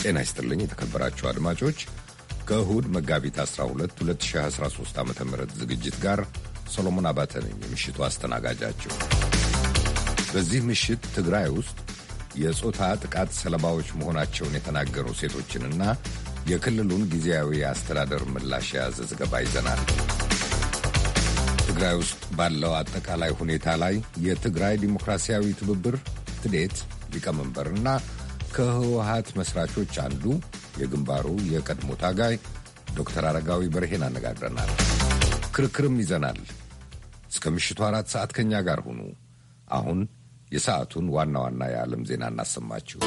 ጤና ይስጥልኝ የተከበራችሁ አድማጮች ከእሁድ መጋቢት 12 2013 ዓ ም ዝግጅት ጋር ሰሎሞን አባተ ነኝ የምሽቱ አስተናጋጃችሁ። በዚህ ምሽት ትግራይ ውስጥ የጾታ ጥቃት ሰለባዎች መሆናቸውን የተናገሩ ሴቶችንና የክልሉን ጊዜያዊ አስተዳደር ምላሽ የያዘ ዘገባ ይዘናል። ትግራይ ውስጥ ባለው አጠቃላይ ሁኔታ ላይ የትግራይ ዲሞክራሲያዊ ትብብር ትዴት ሊቀመንበርና ከህወሀት መስራቾች አንዱ የግንባሩ የቀድሞ ታጋይ ዶክተር አረጋዊ በርሄን አነጋግረናል። ክርክርም ይዘናል። እስከ ምሽቱ አራት ሰዓት ከእኛ ጋር ሁኑ። አሁን የሰዓቱን ዋና ዋና የዓለም ዜና እናሰማችሁ።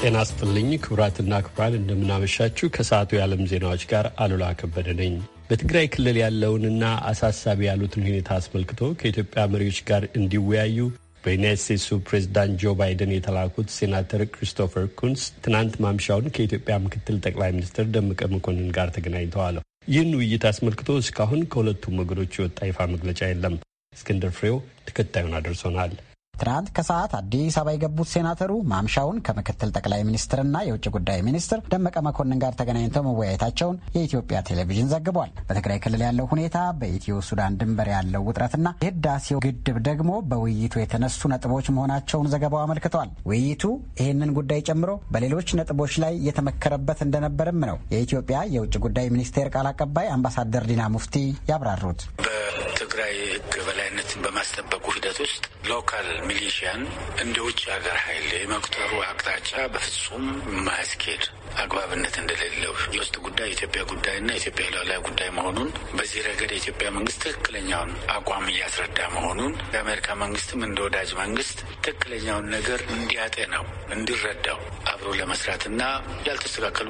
ጤና ስጥልኝ ክቡራትና ክቡራን፣ እንደምናመሻችሁ ከሰዓቱ የዓለም ዜናዎች ጋር አሉላ ከበደ ነኝ። በትግራይ ክልል ያለውንና አሳሳቢ ያሉትን ሁኔታ አስመልክቶ ከኢትዮጵያ መሪዎች ጋር እንዲወያዩ በዩናይት ስቴትሱ ፕሬዚዳንት ጆ ባይደን የተላኩት ሴናተር ክሪስቶፈር ኩንስ ትናንት ማምሻውን ከኢትዮጵያ ምክትል ጠቅላይ ሚኒስትር ደመቀ መኮንን ጋር ተገናኝተዋል። ይህን ውይይት አስመልክቶ እስካሁን ከሁለቱም ወገኖች የወጣ ይፋ መግለጫ የለም። እስክንድር ፍሬው ተከታዩን አድርሶናል። ትናንት ከሰዓት አዲስ አበባ የገቡት ሴናተሩ ማምሻውን ከምክትል ጠቅላይ ሚኒስትርና የውጭ ጉዳይ ሚኒስትር ደመቀ መኮንን ጋር ተገናኝተው መወያየታቸውን የኢትዮጵያ ቴሌቪዥን ዘግቧል። በትግራይ ክልል ያለው ሁኔታ፣ በኢትዮ ሱዳን ድንበር ያለው ውጥረትና የህዳሴው ግድብ ደግሞ በውይይቱ የተነሱ ነጥቦች መሆናቸውን ዘገባው አመልክቷል። ውይይቱ ይህንን ጉዳይ ጨምሮ በሌሎች ነጥቦች ላይ የተመከረበት እንደነበርም ነው የኢትዮጵያ የውጭ ጉዳይ ሚኒስቴር ቃል አቀባይ አምባሳደር ዲና ሙፍቲ ያብራሩት። በትግራይ ህግ በላይ መብቶችን በማስጠበቁ ሂደት ውስጥ ሎካል ሚሊሽያን እንደ ውጭ ሀገር ኃይል የመቁጠሩ አቅጣጫ በፍጹም የማያስኬድ አግባብነት እንደሌለው የውስጥ ጉዳይ የኢትዮጵያ ጉዳይና የኢትዮጵያ ሉዓላዊ ጉዳይ መሆኑን በዚህ ረገድ የኢትዮጵያ መንግስት ትክክለኛውን አቋም እያስረዳ መሆኑን የአሜሪካ መንግስትም እንደ ወዳጅ መንግስት ትክክለኛውን ነገር እንዲያጤነው እንዲረዳው አብሮ ለመስራትና ያልተስተካከሉ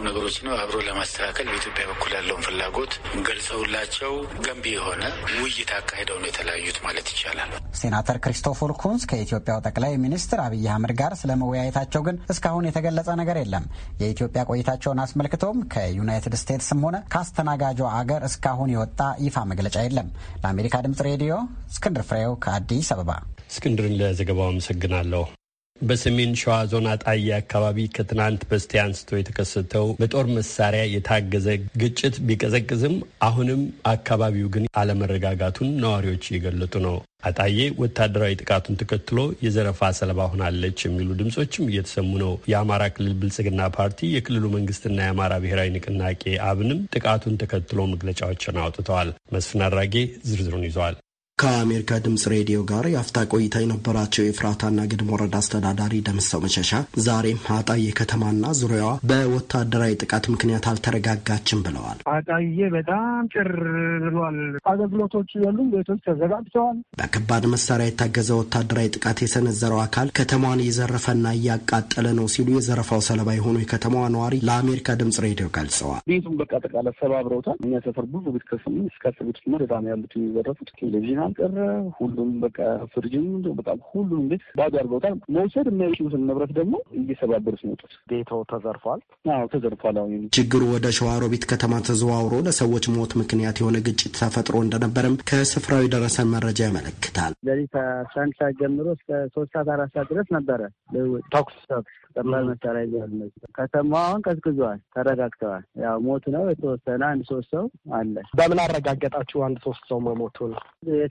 ነው አብሮ ለማስተካከል በኢትዮጵያ በኩል ያለውን ፍላጎት ገልጸውላቸው ገንቢ የሆነ ውይይት አካሂደው ነው የተለያዩት ማለት ይቻላል። ሴናተር ክሪስቶፈር ኩንስ ከኢትዮጵያው ጠቅላይ ሚኒስትር አብይ አህመድ ጋር ስለመወያየታቸው ግን እስካሁን የተገለጸ ነገር የለም። የኢትዮጵያ ቆይታቸውን አስመልክቶም ከዩናይትድ ስቴትስም ሆነ ከአስተናጋጇ አገር እስካሁን የወጣ ይፋ መግለጫ የለም። ለአሜሪካ ድምጽ ሬዲዮ እስክንድር ፍሬው ከአዲስ አበባ። እስክንድርን ለዘገባው አመሰግናለሁ። በሰሜን ሸዋ ዞን አጣዬ አካባቢ ከትናንት በስቲያ አንስቶ የተከሰተው በጦር መሳሪያ የታገዘ ግጭት ቢቀዘቅዝም አሁንም አካባቢው ግን አለመረጋጋቱን ነዋሪዎች እየገለጡ ነው። አጣዬ ወታደራዊ ጥቃቱን ተከትሎ የዘረፋ ሰለባ ሆናለች የሚሉ ድምጾችም እየተሰሙ ነው። የአማራ ክልል ብልጽግና ፓርቲ፣ የክልሉ መንግስትና የአማራ ብሔራዊ ንቅናቄ አብንም ጥቃቱን ተከትሎ መግለጫዎችን አውጥተዋል። መስፍን አድራጌ ዝርዝሩን ይዘዋል። ከአሜሪካ ድምጽ ሬዲዮ ጋር የአፍታ ቆይታ የነበራቸው የፍራታና ግድም ወረዳ አስተዳዳሪ ደምሰው መሸሻ ዛሬም አጣዬ ከተማና ዙሪያዋ በወታደራዊ ጥቃት ምክንያት አልተረጋጋችም ብለዋል። አጣዬ በጣም ጭር ብሏል። አገልግሎቶች ያሉም ቤቶች ተዘጋግተዋል። በከባድ መሳሪያ የታገዘ ወታደራዊ ጥቃት የሰነዘረው አካል ከተማዋን እየዘረፈና እያቃጠለ ነው ሲሉ የዘረፋው ሰለባ የሆኑ የከተማዋ ነዋሪ ለአሜሪካ ድምጽ ሬዲዮ ገልጸዋል። ቤቱም በቃ ጠቃላይ ሰባብረውታል። እኛ ሰፈር ብዙ ቤት ከስም እስከ አስር ቤቶች ዳ ያሉት የሚዘረፉት ቴሌቪዥን ቀረ፣ ሁሉም በቃ ፍርጅም በጣም ሁሉም ቤት ባዶ አድርገውታል። መውሰድ የሚያችሉትን ንብረት ደግሞ እየሰባበሩ ሲመጡት ቤተው ተዘርፏል። አዎ ተዘርፏል። አሁን ችግሩ ወደ ሸዋሮቢት ከተማ ተዘዋውሮ ለሰዎች ሞት ምክንያት የሆነ ግጭት ተፈጥሮ እንደነበረም ከስፍራው የደረሰን መረጃ ያመለክታል። ለዚህ ከአስራ አንድ ሰዓት ጀምሮ እስከ ሶስት ሰዓት አራት ሰዓት ድረስ ነበረ ተኩስ ተኩስ ጠባብ መሳሪያ ይዘዋል። ከተማዋን ቀዝቅዟል። ተረጋግተዋል። ያው ሞት ነው የተወሰነ አንድ ሶስት ሰው አለ። በምን አረጋገጣችሁ አንድ ሶስት ሰው መሞቱ መሞቱን?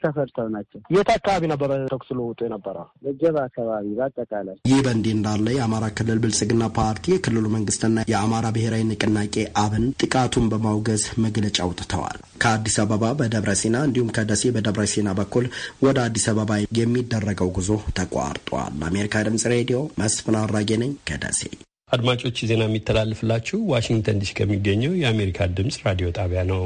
ተፈርተው ናቸው። የት አካባቢ ነበረ ተኩስ ልውጡ የነበረ? በጀባ አካባቢ በአጠቃላይ። ይህ በእንዲህ እንዳለ የአማራ ክልል ብልጽግና ፓርቲ የክልሉ መንግስትና የአማራ ብሔራዊ ንቅናቄ አብን ጥቃቱን በማውገዝ መግለጫ አውጥተዋል። ከአዲስ አበባ በደብረ ሲና እንዲሁም ከደሴ በደብረ ሲና በኩል ወደ አዲስ አበባ የሚደረገው ጉዞ ተቋርጧል። ለአሜሪካ ድምጽ ሬዲዮ መስፍን አራጌ ነኝ ከደሴ። አድማጮች ዜና የሚተላልፍላችሁ ዋሽንግተን ዲሲ ከሚገኘው የአሜሪካ ድምፅ ራዲዮ ጣቢያ ነው።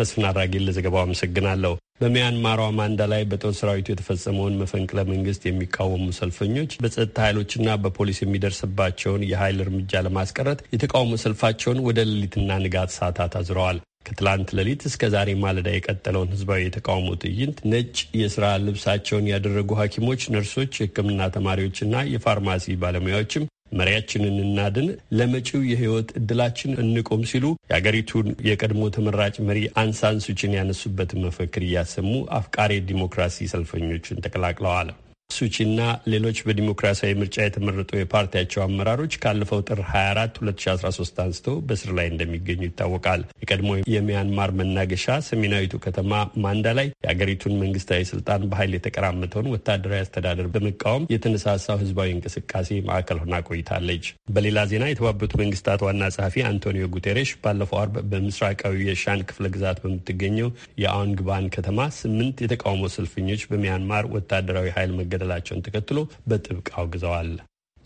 መስፍን አራጌን ለዘገባው አመሰግናለሁ። በሚያንማሯ ማንዳ ላይ በጦር ሰራዊቱ የተፈጸመውን መፈንቅለ መንግስት የሚቃወሙ ሰልፈኞች በጸጥታ ኃይሎችና በፖሊስ የሚደርስባቸውን የኃይል እርምጃ ለማስቀረት የተቃውሞ ሰልፋቸውን ወደ ሌሊትና ንጋት ሰዓታት አዝረዋል። ከትላንት ሌሊት እስከ ዛሬ ማለዳ የቀጠለውን ህዝባዊ የተቃውሞ ትዕይንት ነጭ የስራ ልብሳቸውን ያደረጉ ሐኪሞች፣ ነርሶች፣ የህክምና ተማሪዎችና የፋርማሲ ባለሙያዎችም መሪያችንን እናድን፣ ለመጪው የህይወት እድላችን እንቆም ሲሉ የአገሪቱን የቀድሞ ተመራጭ መሪ አንሳንሱችን ያነሱበትን መፈክር እያሰሙ አፍቃሪ ዲሞክራሲ ሰልፈኞችን ተቀላቅለዋል። ሱቺና ሌሎች በዲሞክራሲያዊ ምርጫ የተመረጡ የፓርቲያቸው አመራሮች ካለፈው ጥር 24 2013 አንስቶ በስር ላይ እንደሚገኙ ይታወቃል። የቀድሞ የሚያንማር መናገሻ ሰሜናዊቱ ከተማ ማንዳ ላይ የአገሪቱን መንግስታዊ ስልጣን በኃይል የተቀራመተውን ወታደራዊ አስተዳደር በመቃወም የተነሳሳው ህዝባዊ እንቅስቃሴ ማዕከል ሆና ቆይታለች። በሌላ ዜና የተባበሩት መንግስታት ዋና ጸሐፊ አንቶኒዮ ጉቴሬሽ ባለፈው አርብ በምስራቃዊ የሻን ክፍለ ግዛት በምትገኘው የአውንግባን ከተማ ስምንት የተቃውሞ ሰልፈኞች በሚያንማር ወታደራዊ ኃይል መገ መገደላቸውን ተከትሎ በጥብቅ አውግዘዋል።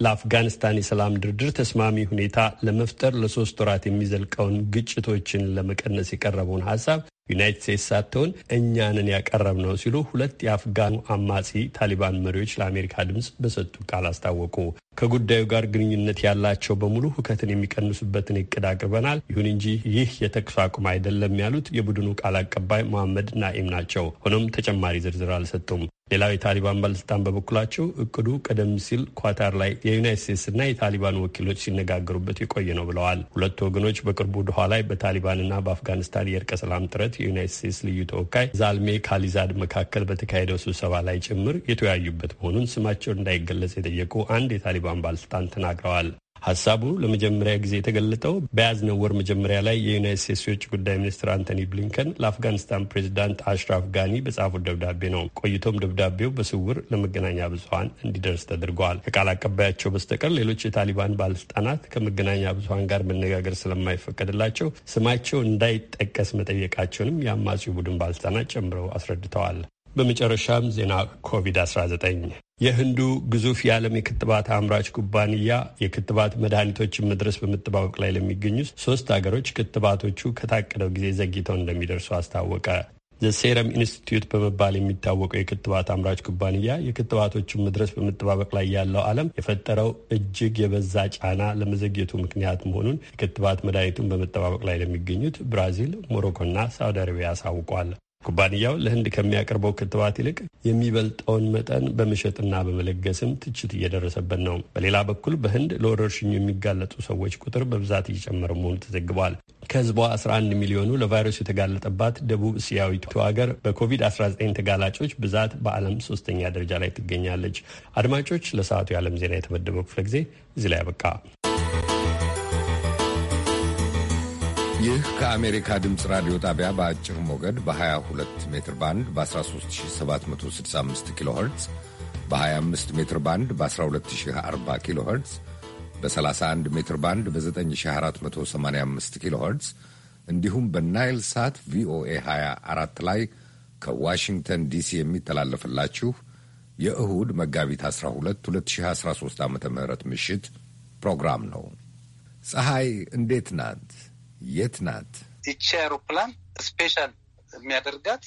ለአፍጋኒስታን የሰላም ድርድር ተስማሚ ሁኔታ ለመፍጠር ለሶስት ወራት የሚዘልቀውን ግጭቶችን ለመቀነስ የቀረበውን ሀሳብ ዩናይትድ ስቴትስ ሳትሆን እኛንን ያቀረብ ነው ሲሉ ሁለት የአፍጋኑ አማጺ ታሊባን መሪዎች ለአሜሪካ ድምፅ በሰጡ ቃል አስታወቁ። ከጉዳዩ ጋር ግንኙነት ያላቸው በሙሉ ሁከትን የሚቀንሱበትን እቅድ አቅርበናል፣ ይሁን እንጂ ይህ የተኩስ አቁም አይደለም ያሉት የቡድኑ ቃል አቀባይ መሐመድ ናኢም ናቸው። ሆኖም ተጨማሪ ዝርዝር አልሰጡም። ሌላው የታሊባን ባለስልጣን በበኩላቸው እቅዱ ቀደም ሲል ኳታር ላይ የዩናይት ስቴትስና የታሊባን ወኪሎች ሲነጋገሩበት የቆየ ነው ብለዋል። ሁለቱ ወገኖች በቅርቡ ዶሃ ላይ በታሊባንና በአፍጋኒስታን የእርቀ ሰላም ጥረት የዩናይት ስቴትስ ልዩ ተወካይ ዛልሜ ካሊዛድ መካከል በተካሄደው ስብሰባ ላይ ጭምር የተወያዩበት መሆኑን ስማቸው እንዳይገለጽ የጠየቁ አንድ የታሊባን ባለስልጣን ተናግረዋል። ሀሳቡ ለመጀመሪያ ጊዜ የተገለጠው በያዝነው ወር መጀመሪያ ላይ የዩናይት ስቴትስ የውጭ ጉዳይ ሚኒስትር አንቶኒ ብሊንከን ለአፍጋኒስታን ፕሬዚዳንት አሽራፍ ጋኒ በጻፉት ደብዳቤ ነው። ቆይቶም ደብዳቤው በስውር ለመገናኛ ብዙሀን እንዲደርስ ተደርገዋል። ከቃል አቀባያቸው በስተቀር ሌሎች የታሊባን ባለስልጣናት ከመገናኛ ብዙሀን ጋር መነጋገር ስለማይፈቀድላቸው ስማቸው እንዳይጠቀስ መጠየቃቸውንም የአማጺው ቡድን ባለስልጣናት ጨምረው አስረድተዋል። በመጨረሻም ዜና ኮቪድ-19 የህንዱ ግዙፍ የዓለም የክትባት አምራች ኩባንያ የክትባት መድኃኒቶችን መድረስ በመጠባበቅ ላይ ለሚገኙ ሶስት ሀገሮች ክትባቶቹ ከታቀደው ጊዜ ዘግይተው እንደሚደርሱ አስታወቀ። ዘሴረም ኢንስቲትዩት በመባል የሚታወቀው የክትባት አምራች ኩባንያ የክትባቶቹን መድረስ በመጠባበቅ ላይ ያለው ዓለም የፈጠረው እጅግ የበዛ ጫና ለመዘግየቱ ምክንያት መሆኑን የክትባት መድኃኒቱን በመጠባበቅ ላይ ለሚገኙት ብራዚል፣ ሞሮኮና ሳውዲ አረቢያ አሳውቋል። ኩባንያው ለህንድ ከሚያቀርበው ክትባት ይልቅ የሚበልጠውን መጠን በመሸጥና በመለገስም ትችት እየደረሰበት ነው። በሌላ በኩል በህንድ ለወረርሽኙ የሚጋለጡ ሰዎች ቁጥር በብዛት እየጨመረ መሆኑ ተዘግቧል። ከህዝቧ 11 ሚሊዮኑ ለቫይረሱ የተጋለጠባት ደቡብ እስያዊቱ ሀገር በኮቪድ-19 ተጋላጮች ብዛት በዓለም ሶስተኛ ደረጃ ላይ ትገኛለች። አድማጮች፣ ለሰዓቱ የዓለም ዜና የተመደበው ክፍለ ጊዜ እዚህ ላይ ያበቃ። ይህ ከአሜሪካ ድምፅ ራዲዮ ጣቢያ በአጭር ሞገድ በ22 ሜትር ባንድ በ13765 ኪሎ ኸርትዝ በ25 ሜትር ባንድ በ1240 ኪሎ ኸርትዝ በ31 ሜትር ባንድ በ9485 ኪሎ ኸርትዝ እንዲሁም በናይል ሳት ቪኦኤ 24 ላይ ከዋሽንግተን ዲሲ የሚተላለፍላችሁ የእሁድ መጋቢት 12 2013 ዓ ም ምሽት ፕሮግራም ነው። ፀሐይ እንዴት ናት? የት ናት? ይቺ አይሮፕላን ስፔሻል የሚያደርጋት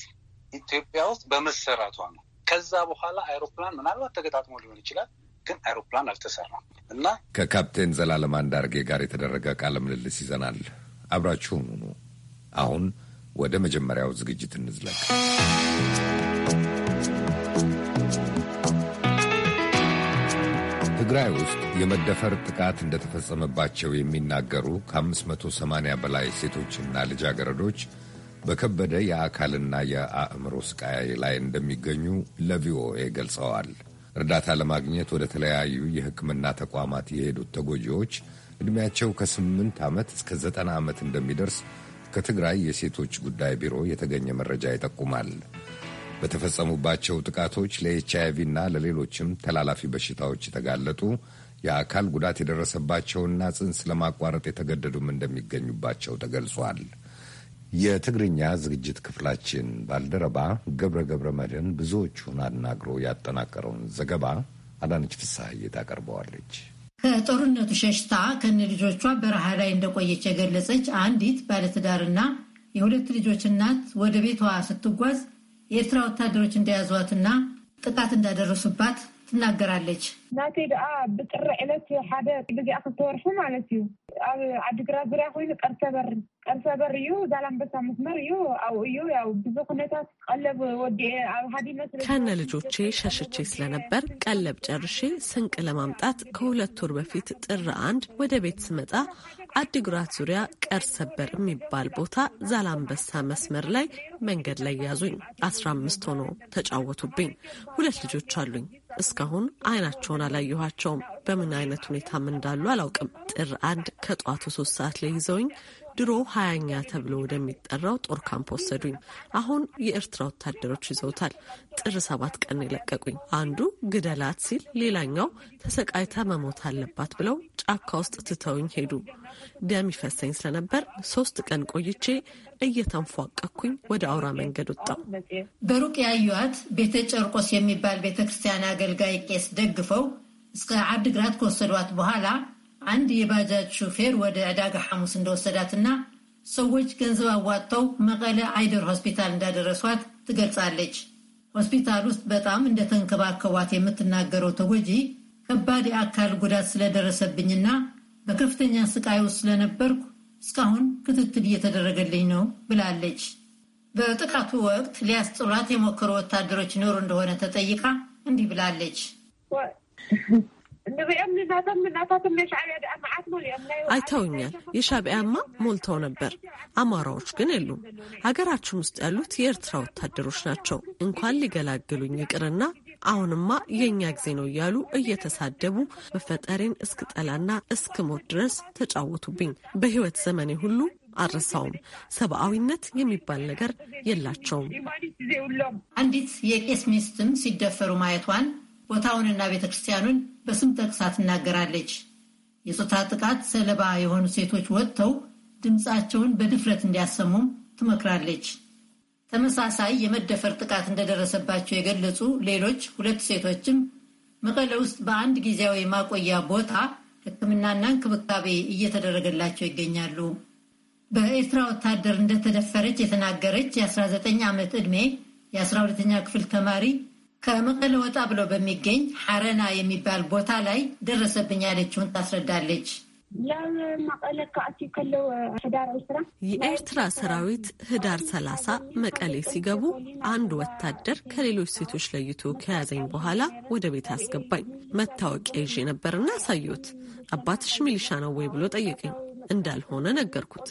ኢትዮጵያ ውስጥ በመሰራቷ ነው። ከዛ በኋላ አይሮፕላን ምናልባት ተገጣጥሞ ሊሆን ይችላል፣ ግን አይሮፕላን አልተሰራም እና ከካፕቴን ዘላለም አንዳርጌ ጋር የተደረገ ቃለ ምልልስ ይዘናል። አብራችሁን ሁኑ። አሁን ወደ መጀመሪያው ዝግጅት እንዝለቅ። ትግራይ ውስጥ የመደፈር ጥቃት እንደተፈጸመባቸው የሚናገሩ ከ580 በላይ ሴቶችና ልጃገረዶች በከበደ የአካልና የአእምሮ ስቃይ ላይ እንደሚገኙ ለቪኦኤ ገልጸዋል። እርዳታ ለማግኘት ወደ ተለያዩ የሕክምና ተቋማት የሄዱት ተጎጂዎች ዕድሜያቸው ከስምንት ዓመት እስከ ዘጠና ዓመት እንደሚደርስ ከትግራይ የሴቶች ጉዳይ ቢሮ የተገኘ መረጃ ይጠቁማል። በተፈጸሙባቸው ጥቃቶች ለኤች አይ ቪ እና ለሌሎችም ተላላፊ በሽታዎች የተጋለጡ የአካል ጉዳት የደረሰባቸውና ጽንስ ለማቋረጥ የተገደዱም እንደሚገኙባቸው ተገልጿል። የትግርኛ ዝግጅት ክፍላችን ባልደረባ ገብረ ገብረ መድህን ብዙዎቹን አናግሮ ያጠናቀረውን ዘገባ አዳነች ፍስሐዬ ታቀርበዋለች። ከጦርነቱ ሸሽታ ከነ ልጆቿ በረሃ ላይ እንደቆየች የገለጸች አንዲት ባለትዳርና የሁለት ልጆች እናት ወደ ቤቷ ስትጓዝ የኤርትራ ወታደሮች እንደያዟትና ጥቃት እንዳደረሱባት ትናገራለች። ናተይ ደኣ ብጥረ ዕለት ሓደ ግዜኣ ክተወርሑ ማለት እዩ ኣብ ዓዲግራት ዙርያ ኮይኑ ቀርሰበር ቀርሰበር እዩ ዛላንበሳ መስመር እዩ ኣብኡ እዩ ያው ብዙ ኩነታት ቀለብ ወዲኤ ኣብ ሓዲ መስለ ከነ ልጆቼ ሸሽቼ ስለነበር ቀለብ ጨርሼ ስንቅ ለማምጣት ከሁለት ወር በፊት ጥሪ አንድ ወደ ቤት ስመጣ አዲግራት ዙሪያ ቀርሰበር የሚባል ቦታ ዛላንበሳ መስመር ላይ መንገድ ላይ ያዙኝ። አስራ አምስት ሆኖ ተጫወቱብኝ። ሁለት ልጆች አሉኝ። እስካሁን አይናቸውን አላየኋቸውም። በምን አይነት ሁኔታም እንዳሉ አላውቅም። ጥር አንድ ከጠዋቱ ሶስት ሰዓት ላይ ይዘውኝ ድሮ ሀያኛ ተብሎ ወደሚጠራው ጦር ካምፕ ወሰዱኝ። አሁን የኤርትራ ወታደሮች ይዘውታል። ጥር ሰባት ቀን የለቀቁኝ። አንዱ ግደላት ሲል፣ ሌላኛው ተሰቃይታ መሞት አለባት ብለው ጫካ ውስጥ ትተውኝ ሄዱ። ደም ይፈሰኝ ስለነበር ሶስት ቀን ቆይቼ እየተንፏቀኩኝ ወደ አውራ መንገድ ወጣው። በሩቅ ያዩዋት ቤተ ጨርቆስ የሚባል ቤተ ክርስቲያን አገልጋይ ቄስ ደግፈው እስከ አድግራት ከወሰዷት በኋላ አንድ የባጃጅ ሹፌር ወደ ዕዳጋ ሐሙስ እንደወሰዳትና ሰዎች ገንዘብ አዋጥተው መቀለ አይደር ሆስፒታል እንዳደረሷት ትገልጻለች። ሆስፒታል ውስጥ በጣም እንደተንከባከቧት የምትናገረው ተጎጂ ከባድ የአካል ጉዳት ስለደረሰብኝና በከፍተኛ ስቃይ ውስጥ ስለነበርኩ እስካሁን ክትትል እየተደረገልኝ ነው ብላለች። በጥቃቱ ወቅት ሊያስጥሏት የሞከሩ ወታደሮች ኖሩ እንደሆነ ተጠይቃ እንዲህ ብላለች። አይተውኛል። የሻቢያማ ሞልተው ነበር። አማራዎች ግን የሉም። ሀገራችን ውስጥ ያሉት የኤርትራ ወታደሮች ናቸው። እንኳን ሊገላግሉኝ ይቅርና አሁንማ የእኛ ጊዜ ነው እያሉ እየተሳደቡ መፈጠሬን እስክ ሞት ድረስ ተጫወቱብኝ። በህይወት ዘመኔ ሁሉ አረሳውም። ሰብአዊነት የሚባል ነገር የላቸውም። አንዲት የቄስ ሚስትም ሲደፈሩ ማየቷን ቦታውንና ቤተ ክርስቲያኑን በስም ጠቅሳ ትናገራለች። የጾታ ጥቃት ሰለባ የሆኑ ሴቶች ወጥተው ድምፃቸውን በድፍረት እንዲያሰሙም ትመክራለች። ተመሳሳይ የመደፈር ጥቃት እንደደረሰባቸው የገለጹ ሌሎች ሁለት ሴቶችም መቀለ ውስጥ በአንድ ጊዜያዊ ማቆያ ቦታ ሕክምናና እንክብካቤ እየተደረገላቸው ይገኛሉ። በኤርትራ ወታደር እንደተደፈረች የተናገረች የ19 ዓመት ዕድሜ የ12ኛ ክፍል ተማሪ ከመቀለ ወጣ ብሎ በሚገኝ ሐረና የሚባል ቦታ ላይ ደረሰብኝ ያለችውን ታስረዳለች። የኤርትራ ሰራዊት ህዳር ሰላሳ መቀሌ ሲገቡ አንድ ወታደር ከሌሎች ሴቶች ለይቶ ከያዘኝ በኋላ ወደ ቤት አስገባኝ። መታወቂያ ይዤ ነበርና አሳየሁት። አባትሽ ሚሊሻ ነው ወይ ብሎ ጠየቀኝ። እንዳልሆነ ነገርኩት።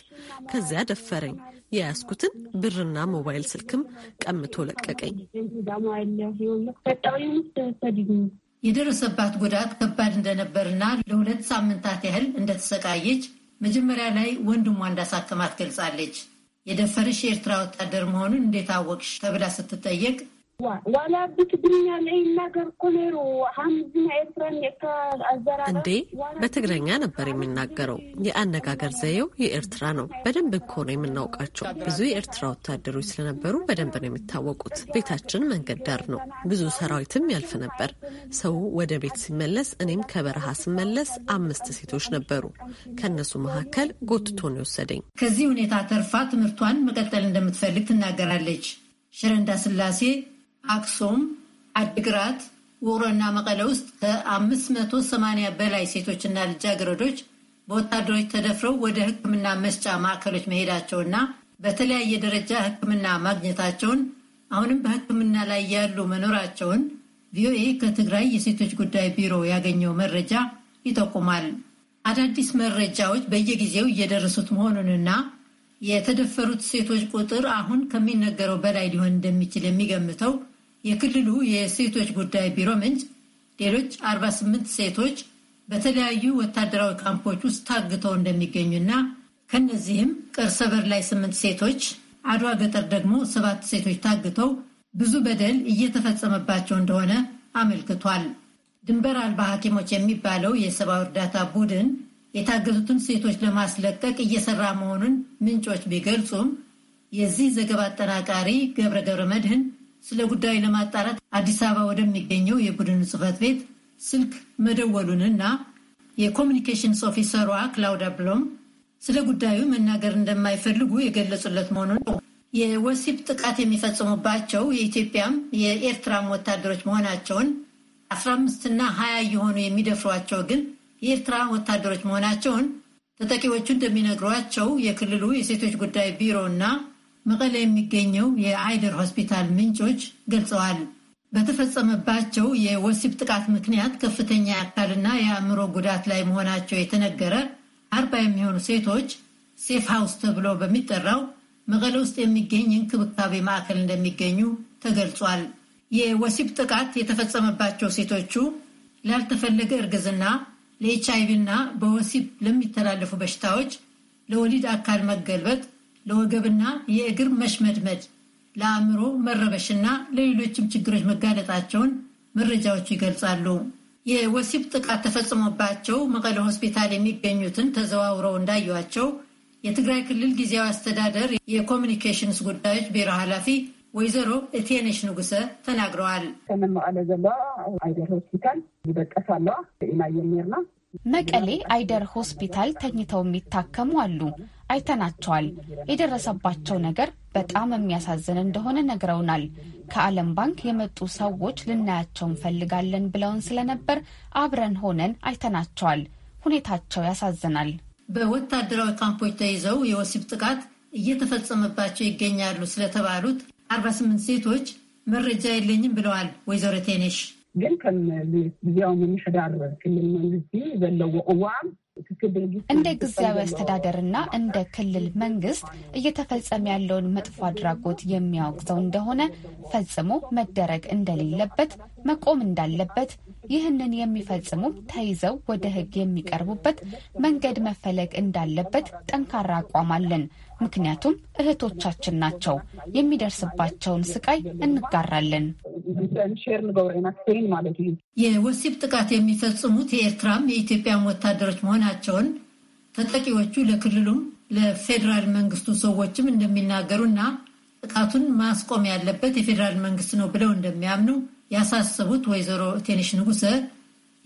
ከዚያ ደፈረኝ። የያዝኩትን ብርና ሞባይል ስልክም ቀምቶ ለቀቀኝ። የደረሰባት ጉዳት ከባድ እንደነበርና ለሁለት ሳምንታት ያህል እንደተሰቃየች መጀመሪያ ላይ ወንድሟ እንዳሳከማት ገልጻለች። የደፈርሽ የኤርትራ ወታደር መሆኑን እንዴት አወቅሽ ተብላ ስትጠየቅ እንዴ በትግረኛ ነበር የሚናገረው። የአነጋገር ዘየው የኤርትራ ነው። በደንብ እኮ ነው የምናውቃቸው። ብዙ የኤርትራ ወታደሮች ስለነበሩ በደንብ ነው የሚታወቁት። ቤታችን መንገድ ዳር ነው። ብዙ ሰራዊትም ያልፍ ነበር። ሰው ወደ ቤት ሲመለስ፣ እኔም ከበረሃ ስመለስ አምስት ሴቶች ነበሩ። ከእነሱ መካከል ጎትቶ ነው የወሰደኝ። ከዚህ ሁኔታ ተርፋ ትምህርቷን መቀጠል እንደምትፈልግ ትናገራለች ሽረንዳ ስላሴ አክሱም፣ አድግራት፣ ውቅሮና መቀለ ውስጥ ከ580 በላይ ሴቶችና ልጃገረዶች በወታደሮች ተደፍረው ወደ ሕክምና መስጫ ማዕከሎች መሄዳቸውና በተለያየ ደረጃ ሕክምና ማግኘታቸውን አሁንም በሕክምና ላይ ያሉ መኖራቸውን ቪኦኤ ከትግራይ የሴቶች ጉዳይ ቢሮ ያገኘው መረጃ ይጠቁማል። አዳዲስ መረጃዎች በየጊዜው እየደረሱት መሆኑንና የተደፈሩት ሴቶች ቁጥር አሁን ከሚነገረው በላይ ሊሆን እንደሚችል የሚገምተው የክልሉ የሴቶች ጉዳይ ቢሮ ምንጭ ሌሎች 48 ሴቶች በተለያዩ ወታደራዊ ካምፖች ውስጥ ታግተው እንደሚገኙና ከነዚህም ቀርሰበር ላይ ስምንት ሴቶች፣ አድዋ ገጠር ደግሞ ሰባት ሴቶች ታግተው ብዙ በደል እየተፈጸመባቸው እንደሆነ አመልክቷል። ድንበር አልባ ሐኪሞች የሚባለው የሰብአዊ እርዳታ ቡድን የታገቱትን ሴቶች ለማስለቀቅ እየሰራ መሆኑን ምንጮች ቢገልጹም የዚህ ዘገባ አጠናቃሪ ገብረ ገብረ መድህን ስለ ጉዳዩ ለማጣራት አዲስ አበባ ወደሚገኘው የቡድኑ ጽህፈት ቤት ስልክ መደወሉንና የኮሚኒኬሽንስ ኦፊሰሯ ክላውዳ ብሎም ስለ ጉዳዩ መናገር እንደማይፈልጉ የገለጹለት መሆኑን የወሲብ ጥቃት የሚፈጽሙባቸው የኢትዮጵያም የኤርትራም ወታደሮች መሆናቸውን አስራ አምስትና ሀያ የሆኑ የሚደፍሯቸው ግን የኤርትራ ወታደሮች መሆናቸውን ተጠቂዎቹ እንደሚነግሯቸው የክልሉ የሴቶች ጉዳይ ቢሮ እና መቀለ የሚገኘው የአይደር ሆስፒታል ምንጮች ገልጸዋል። በተፈጸመባቸው የወሲብ ጥቃት ምክንያት ከፍተኛ የአካልና የአእምሮ ጉዳት ላይ መሆናቸው የተነገረ አርባ የሚሆኑ ሴቶች ሴፍ ሃውስ ተብሎ በሚጠራው መቀሌ ውስጥ የሚገኝ እንክብካቤ ማዕከል እንደሚገኙ ተገልጿል። የወሲብ ጥቃት የተፈጸመባቸው ሴቶቹ ላልተፈለገ እርግዝና፣ ለኤች አይቪ እና በወሲብ ለሚተላለፉ በሽታዎች፣ ለወሊድ አካል መገልበጥ ለወገብና የእግር መሽመድመድ፣ ለአእምሮ መረበሽና ለሌሎችም ችግሮች መጋለጣቸውን መረጃዎቹ ይገልጻሉ። የወሲብ ጥቃት ተፈጽሞባቸው መቀለ ሆስፒታል የሚገኙትን ተዘዋውረው እንዳዩቸው የትግራይ ክልል ጊዜያዊ አስተዳደር የኮሚኒኬሽንስ ጉዳዮች ቢሮ ኃላፊ ወይዘሮ እቴነሽ ንጉሰ ተናግረዋል። ከመን መቀለ ዘለዋ አይደር ሆስፒታል ይበቀስ ኢና የሚርና መቀሌ አይደር ሆስፒታል ተኝተው የሚታከሙ አሉ። አይተናቸዋል። የደረሰባቸው ነገር በጣም የሚያሳዝን እንደሆነ ነግረውናል። ከዓለም ባንክ የመጡ ሰዎች ልናያቸው እንፈልጋለን ብለውን ስለነበር አብረን ሆነን አይተናቸዋል። ሁኔታቸው ያሳዝናል። በወታደራዊ ካምፖች ተይዘው የወሲብ ጥቃት እየተፈጸመባቸው ይገኛሉ ስለተባሉት ስምንት ሴቶች መረጃ የለኝም ብለዋል ወይዘሮ ቴኔሽ ግን ከም ጊዜያዊ ክልል መንግስቲ ዘለዎ ቅዋም እንደ ጊዜያዊ አስተዳደርና እንደ ክልል መንግስት እየተፈጸመ ያለውን መጥፎ አድራጎት የሚያወግዘው እንደሆነ ፈጽሞ መደረግ እንደሌለበት መቆም እንዳለበት ይህንን የሚፈጽሙ ተይዘው ወደ ህግ የሚቀርቡበት መንገድ መፈለግ እንዳለበት ጠንካራ አቋም አለን። ምክንያቱም እህቶቻችን ናቸው። የሚደርስባቸውን ስቃይ እንጋራለን። የወሲብ ጥቃት የሚፈጽሙት የኤርትራም የኢትዮጵያን ወታደሮች መሆናቸውን ተጠቂዎቹ ለክልሉም ለፌዴራል መንግስቱ ሰዎችም እንደሚናገሩ እና ጥቃቱን ማስቆም ያለበት የፌዴራል መንግስት ነው ብለው እንደሚያምኑ ያሳሰቡት ወይዘሮ ቴኒሽ ንጉሰ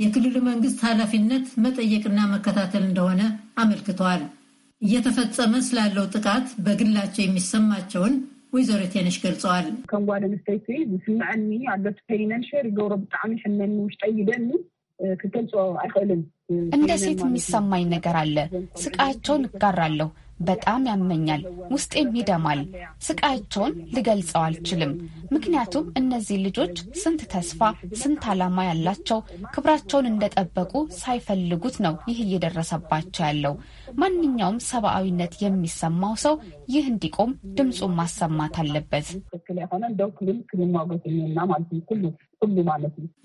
የክልሉ መንግስት ኃላፊነት መጠየቅና መከታተል እንደሆነ አመልክተዋል። እየተፈጸመ ስላለው ጥቃት በግላቸው የሚሰማቸውን ወይዘሮ ቴኒሽ ገልጸዋል። ከም ጓል ኣንስተይቲ ዝስምዐኒ ኣሎት ፔሪነንሸር ገብሮ ብጣዕሚ ሕመኒ ውሽጠ ይደኒ ክገልፆ ኣይክእልን። እንደ ሴት የሚሰማኝ ነገር አለ። ስቃያቸውን እጋራለሁ። በጣም ያመኛል፣ ውስጤም ይደማል። ስቃያቸውን ልገልጸው አልችልም። ምክንያቱም እነዚህ ልጆች ስንት ተስፋ፣ ስንት ዓላማ ያላቸው ክብራቸውን እንደጠበቁ ሳይፈልጉት ነው ይህ እየደረሰባቸው ያለው። ማንኛውም ሰብአዊነት የሚሰማው ሰው ይህ እንዲቆም ድምፁን ማሰማት አለበት።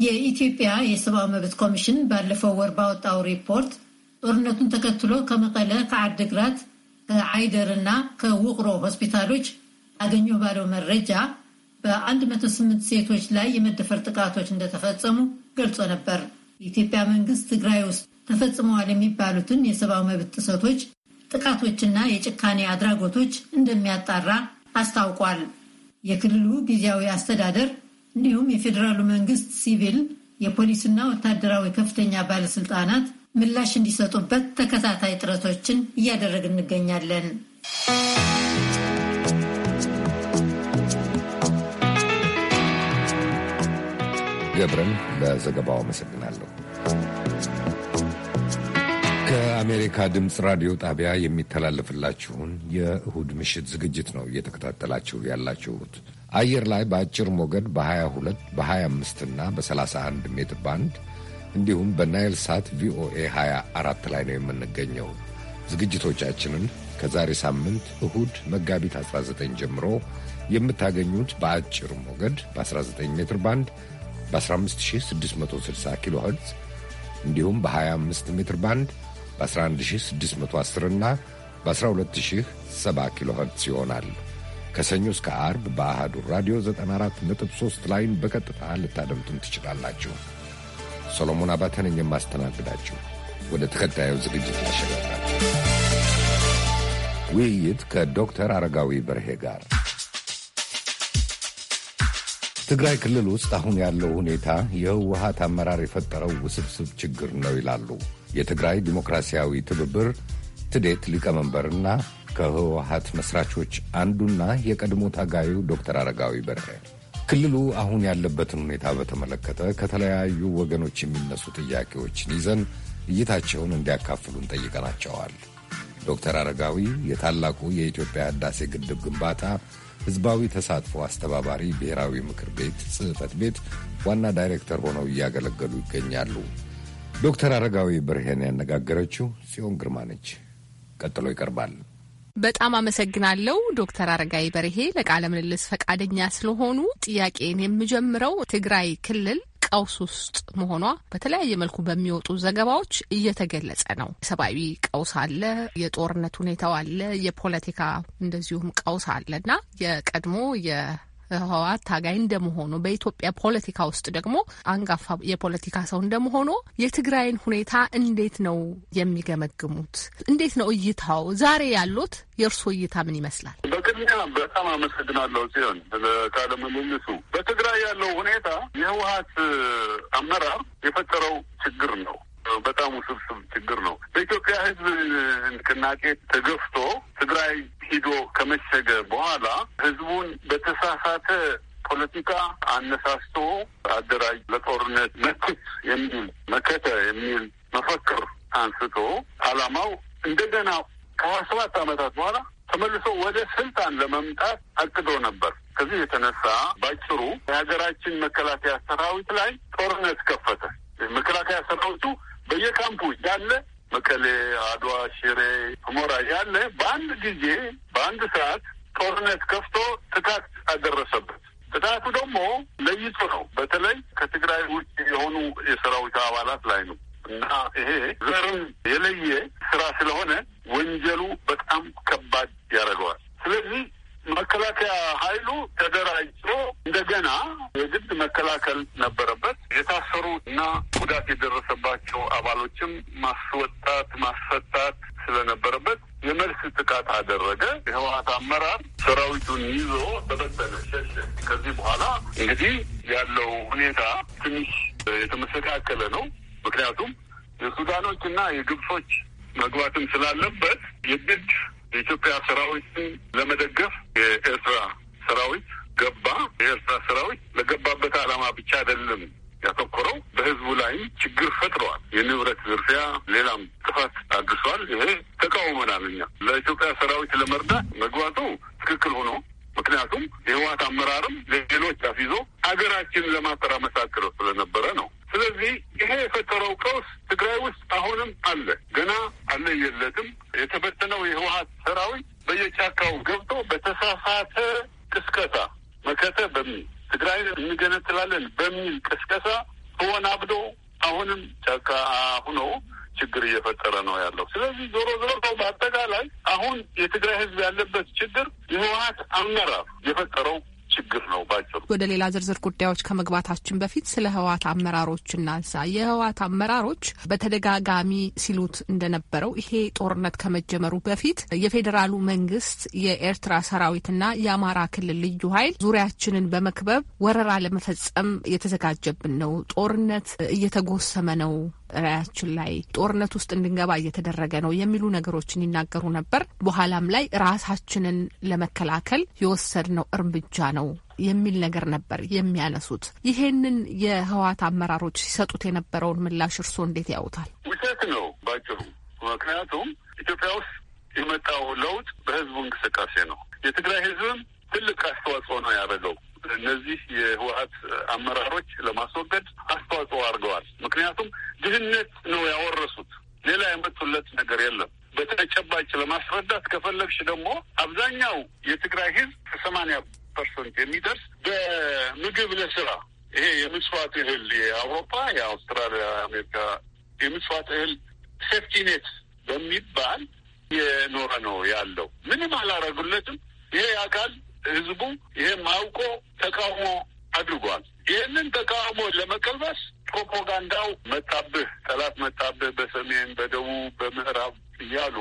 የኢትዮጵያ የሰብአዊ መብት ኮሚሽን ባለፈው ወር ባወጣው ሪፖርት ጦርነቱን ተከትሎ ከመቀለ ከአድግራት ከአይደር እና ከውቅሮ ሆስፒታሎች አገኘ ባለው መረጃ በ108 ሴቶች ላይ የመደፈር ጥቃቶች እንደተፈጸሙ ገልጾ ነበር። የኢትዮጵያ መንግስት ትግራይ ውስጥ ተፈጽመዋል የሚባሉትን የሰብአዊ መብት ጥሰቶች፣ ጥቃቶችና የጭካኔ አድራጎቶች እንደሚያጣራ አስታውቋል። የክልሉ ጊዜያዊ አስተዳደር እንዲሁም የፌዴራሉ መንግስት ሲቪል፣ የፖሊስና ወታደራዊ ከፍተኛ ባለስልጣናት ምላሽ እንዲሰጡበት ተከታታይ ጥረቶችን እያደረግን እንገኛለን። ገብረን ለዘገባው አመሰግናለሁ። ከአሜሪካ ድምፅ ራዲዮ ጣቢያ የሚተላለፍላችሁን የእሁድ ምሽት ዝግጅት ነው እየተከታተላችሁ ያላችሁት። አየር ላይ በአጭር ሞገድ በ22 በ25 እና በ31 ሜትር ባንድ እንዲሁም በናይል ሳት ቪኦኤ 24 ላይ ነው የምንገኘው። ዝግጅቶቻችንን ከዛሬ ሳምንት እሁድ መጋቢት 19 ጀምሮ የምታገኙት በአጭር ሞገድ በ19 ሜትር ባንድ በ15660 ኪሎ ኸርትዝ እንዲሁም በ25 ሜትር ባንድ በ11610 እና በ12070 ኪሎ ኸርትዝ ይሆናል። ከሰኞ እስከ አርብ በአሃዱ ራዲዮ 94.3 ላይን በቀጥታ ልታደምጡን ትችላላችሁ። ሰሎሞን አባተን የማስተናግዳችሁ ወደ ተከታዩ ዝግጅት ያሸጋግራል። ውይይት ከዶክተር አረጋዊ በርሄ ጋር ትግራይ ክልል ውስጥ አሁን ያለው ሁኔታ የህወሀት አመራር የፈጠረው ውስብስብ ችግር ነው ይላሉ የትግራይ ዲሞክራሲያዊ ትብብር ትዴት ሊቀመንበርና ከህወሀት መስራቾች አንዱና የቀድሞ ታጋዩ ዶክተር አረጋዊ በርሄ ክልሉ አሁን ያለበትን ሁኔታ በተመለከተ ከተለያዩ ወገኖች የሚነሱ ጥያቄዎችን ይዘን እይታቸውን እንዲያካፍሉን ጠይቀናቸዋል። ዶክተር አረጋዊ የታላቁ የኢትዮጵያ ህዳሴ ግድብ ግንባታ ህዝባዊ ተሳትፎ አስተባባሪ ብሔራዊ ምክር ቤት ጽህፈት ቤት ዋና ዳይሬክተር ሆነው እያገለገሉ ይገኛሉ። ዶክተር አረጋዊ ብርሄን ያነጋገረችው ጽዮን ግርማ ነች። ቀጥሎ ይቀርባል። በጣም አመሰግናለሁ ዶክተር አረጋይ በርሄ ለቃለ ምልልስ ፈቃደኛ ስለሆኑ። ጥያቄን የምጀምረው ትግራይ ክልል ቀውስ ውስጥ መሆኗ በተለያየ መልኩ በሚወጡ ዘገባዎች እየተገለጸ ነው። ሰብአዊ ቀውስ አለ፣ የጦርነት ሁኔታው አለ፣ የፖለቲካ እንደዚሁም ቀውስ አለ እና የቀድሞ ህወሓት ታጋይ እንደመሆኑ በኢትዮጵያ ፖለቲካ ውስጥ ደግሞ አንጋፋ የፖለቲካ ሰው እንደመሆኑ የትግራይን ሁኔታ እንዴት ነው የሚገመግሙት? እንዴት ነው እይታው? ዛሬ ያሉት የእርሶ እይታ ምን ይመስላል? በቅድሚያ በጣም አመሰግናለሁ ሲሆን ቃለ ምልልሱ በትግራይ ያለው ሁኔታ የህወሓት አመራር የፈጠረው ችግር ነው። በጣም ውስብስብ ችግር ነው። በኢትዮጵያ ህዝብ ንቅናቄ ተገፍቶ ትግራይ ሂዶ ከመሸገ በኋላ ህዝቡን በተሳሳተ ፖለቲካ አነሳስቶ አደራጅ ለጦርነት መክት የሚል መከተ የሚል መፈክር አንስቶ አላማው እንደገና ከሀያ ሰባት አመታት በኋላ ተመልሶ ወደ ስልጣን ለመምጣት አቅዶ ነበር። ከዚህ የተነሳ ባጭሩ የሀገራችን መከላከያ ሰራዊት ላይ ጦርነት ከፈተ። መከላከያ ሰራዊቱ በየካምፑ ያለ መቀሌ፣ አድዋ፣ ሽሬ፣ ሁመራ ያለ በአንድ ጊዜ በአንድ ሰዓት ጦርነት ከፍቶ ጥቃት አደረሰበት። ጥቃቱ ደግሞ ለይቶ ነው። በተለይ ከትግራይ ውጭ የሆኑ የሰራዊት አባላት ላይ ነው እና ይሄ ዘርም የለየ ስራ ስለሆነ ወንጀሉ በጣም ከባድ ያደርገዋል። ስለዚህ መከላከያ ኃይሉ ተደራጅቶ እንደገና የግድ መከላከል ነበረበት። የታሰሩ እና ጉዳት የደረሰባቸው አባሎችም ማስወጣት ማስፈታት ስለነበረበት የመልስ ጥቃት አደረገ። የህወሀት አመራር ሰራዊቱን ይዞ በበተነ ሸሸ። ከዚህ በኋላ እንግዲህ ያለው ሁኔታ ትንሽ የተመሰካከለ ነው። ምክንያቱም የሱዳኖች እና የግብጾች መግባትም ስላለበት የግድ የኢትዮጵያ ሰራዊት ለመደገፍ የኤርትራ ሰራዊት ገባ። የኤርትራ ሰራዊት ለገባበት ዓላማ ብቻ አይደለም ያተኮረው በህዝቡ ላይ ችግር ፈጥረዋል። የንብረት ዝርፊያ፣ ሌላም ጥፋት አድርሷል። ይሄ ተቃውመናል። እኛ ለኢትዮጵያ ሰራዊት ለመርዳት ሌላ ዝርዝር ጉዳዮች ከመግባታችን በፊት ስለ ህወሓት አመራሮች እናንሳ። የህወሓት አመራሮች በተደጋጋሚ ሲሉት እንደነበረው ይሄ ጦርነት ከመጀመሩ በፊት የፌዴራሉ መንግስት የኤርትራ ሰራዊትና የአማራ ክልል ልዩ ኃይል ዙሪያችንን በመክበብ ወረራ ለመፈጸም የተዘጋጀብን ነው። ጦርነት እየተጎሰመ ነው ራያችን ላይ ጦርነት ውስጥ እንድንገባ እየተደረገ ነው የሚሉ ነገሮችን ይናገሩ ነበር። በኋላም ላይ ራሳችንን ለመከላከል የወሰድነው እርምጃ ነው የሚል ነገር ነበር የሚያነሱት። ይሄንን የህወሓት አመራሮች ሲሰጡት የነበረውን ምላሽ እርስዎ እንዴት ያውታል ውሸት ነው ባጭሩ። ምክንያቱም ኢትዮጵያ ውስጥ የመጣው ለውጥ በህዝቡ እንቅስቃሴ ነው። የትግራይ ህዝብም ትልቅ አስተዋጽኦ ነው ያበለው። እነዚህ የህወሀት አመራሮች ለማስወገድ አስተዋጽኦ አድርገዋል። ምክንያቱም ድህነት ነው ያወረሱት። ሌላ የመጡለት ነገር የለም። በተጨባጭ ለማስረዳት ከፈለግሽ ደግሞ አብዛኛው የትግራይ ህዝብ ከሰማንያ ፐርሰንት የሚደርስ በምግብ ለስራ ይሄ የምጽዋት እህል የአውሮፓ የአውስትራሊያ፣ አሜሪካ የምጽዋት እህል ሴፍቲኔት በሚባል የኖረ ነው ያለው። ምንም አላረጉለትም። ይሄ አካል ህዝቡ ይሄም አውቆ ተቃውሞ አድርጓል። ይህንን ተቃውሞ ለመቀልበስ ፕሮፓጋንዳው መጣብህ፣ ጠላት መጣብህ፣ በሰሜን በደቡብ በምዕራብ እያሉ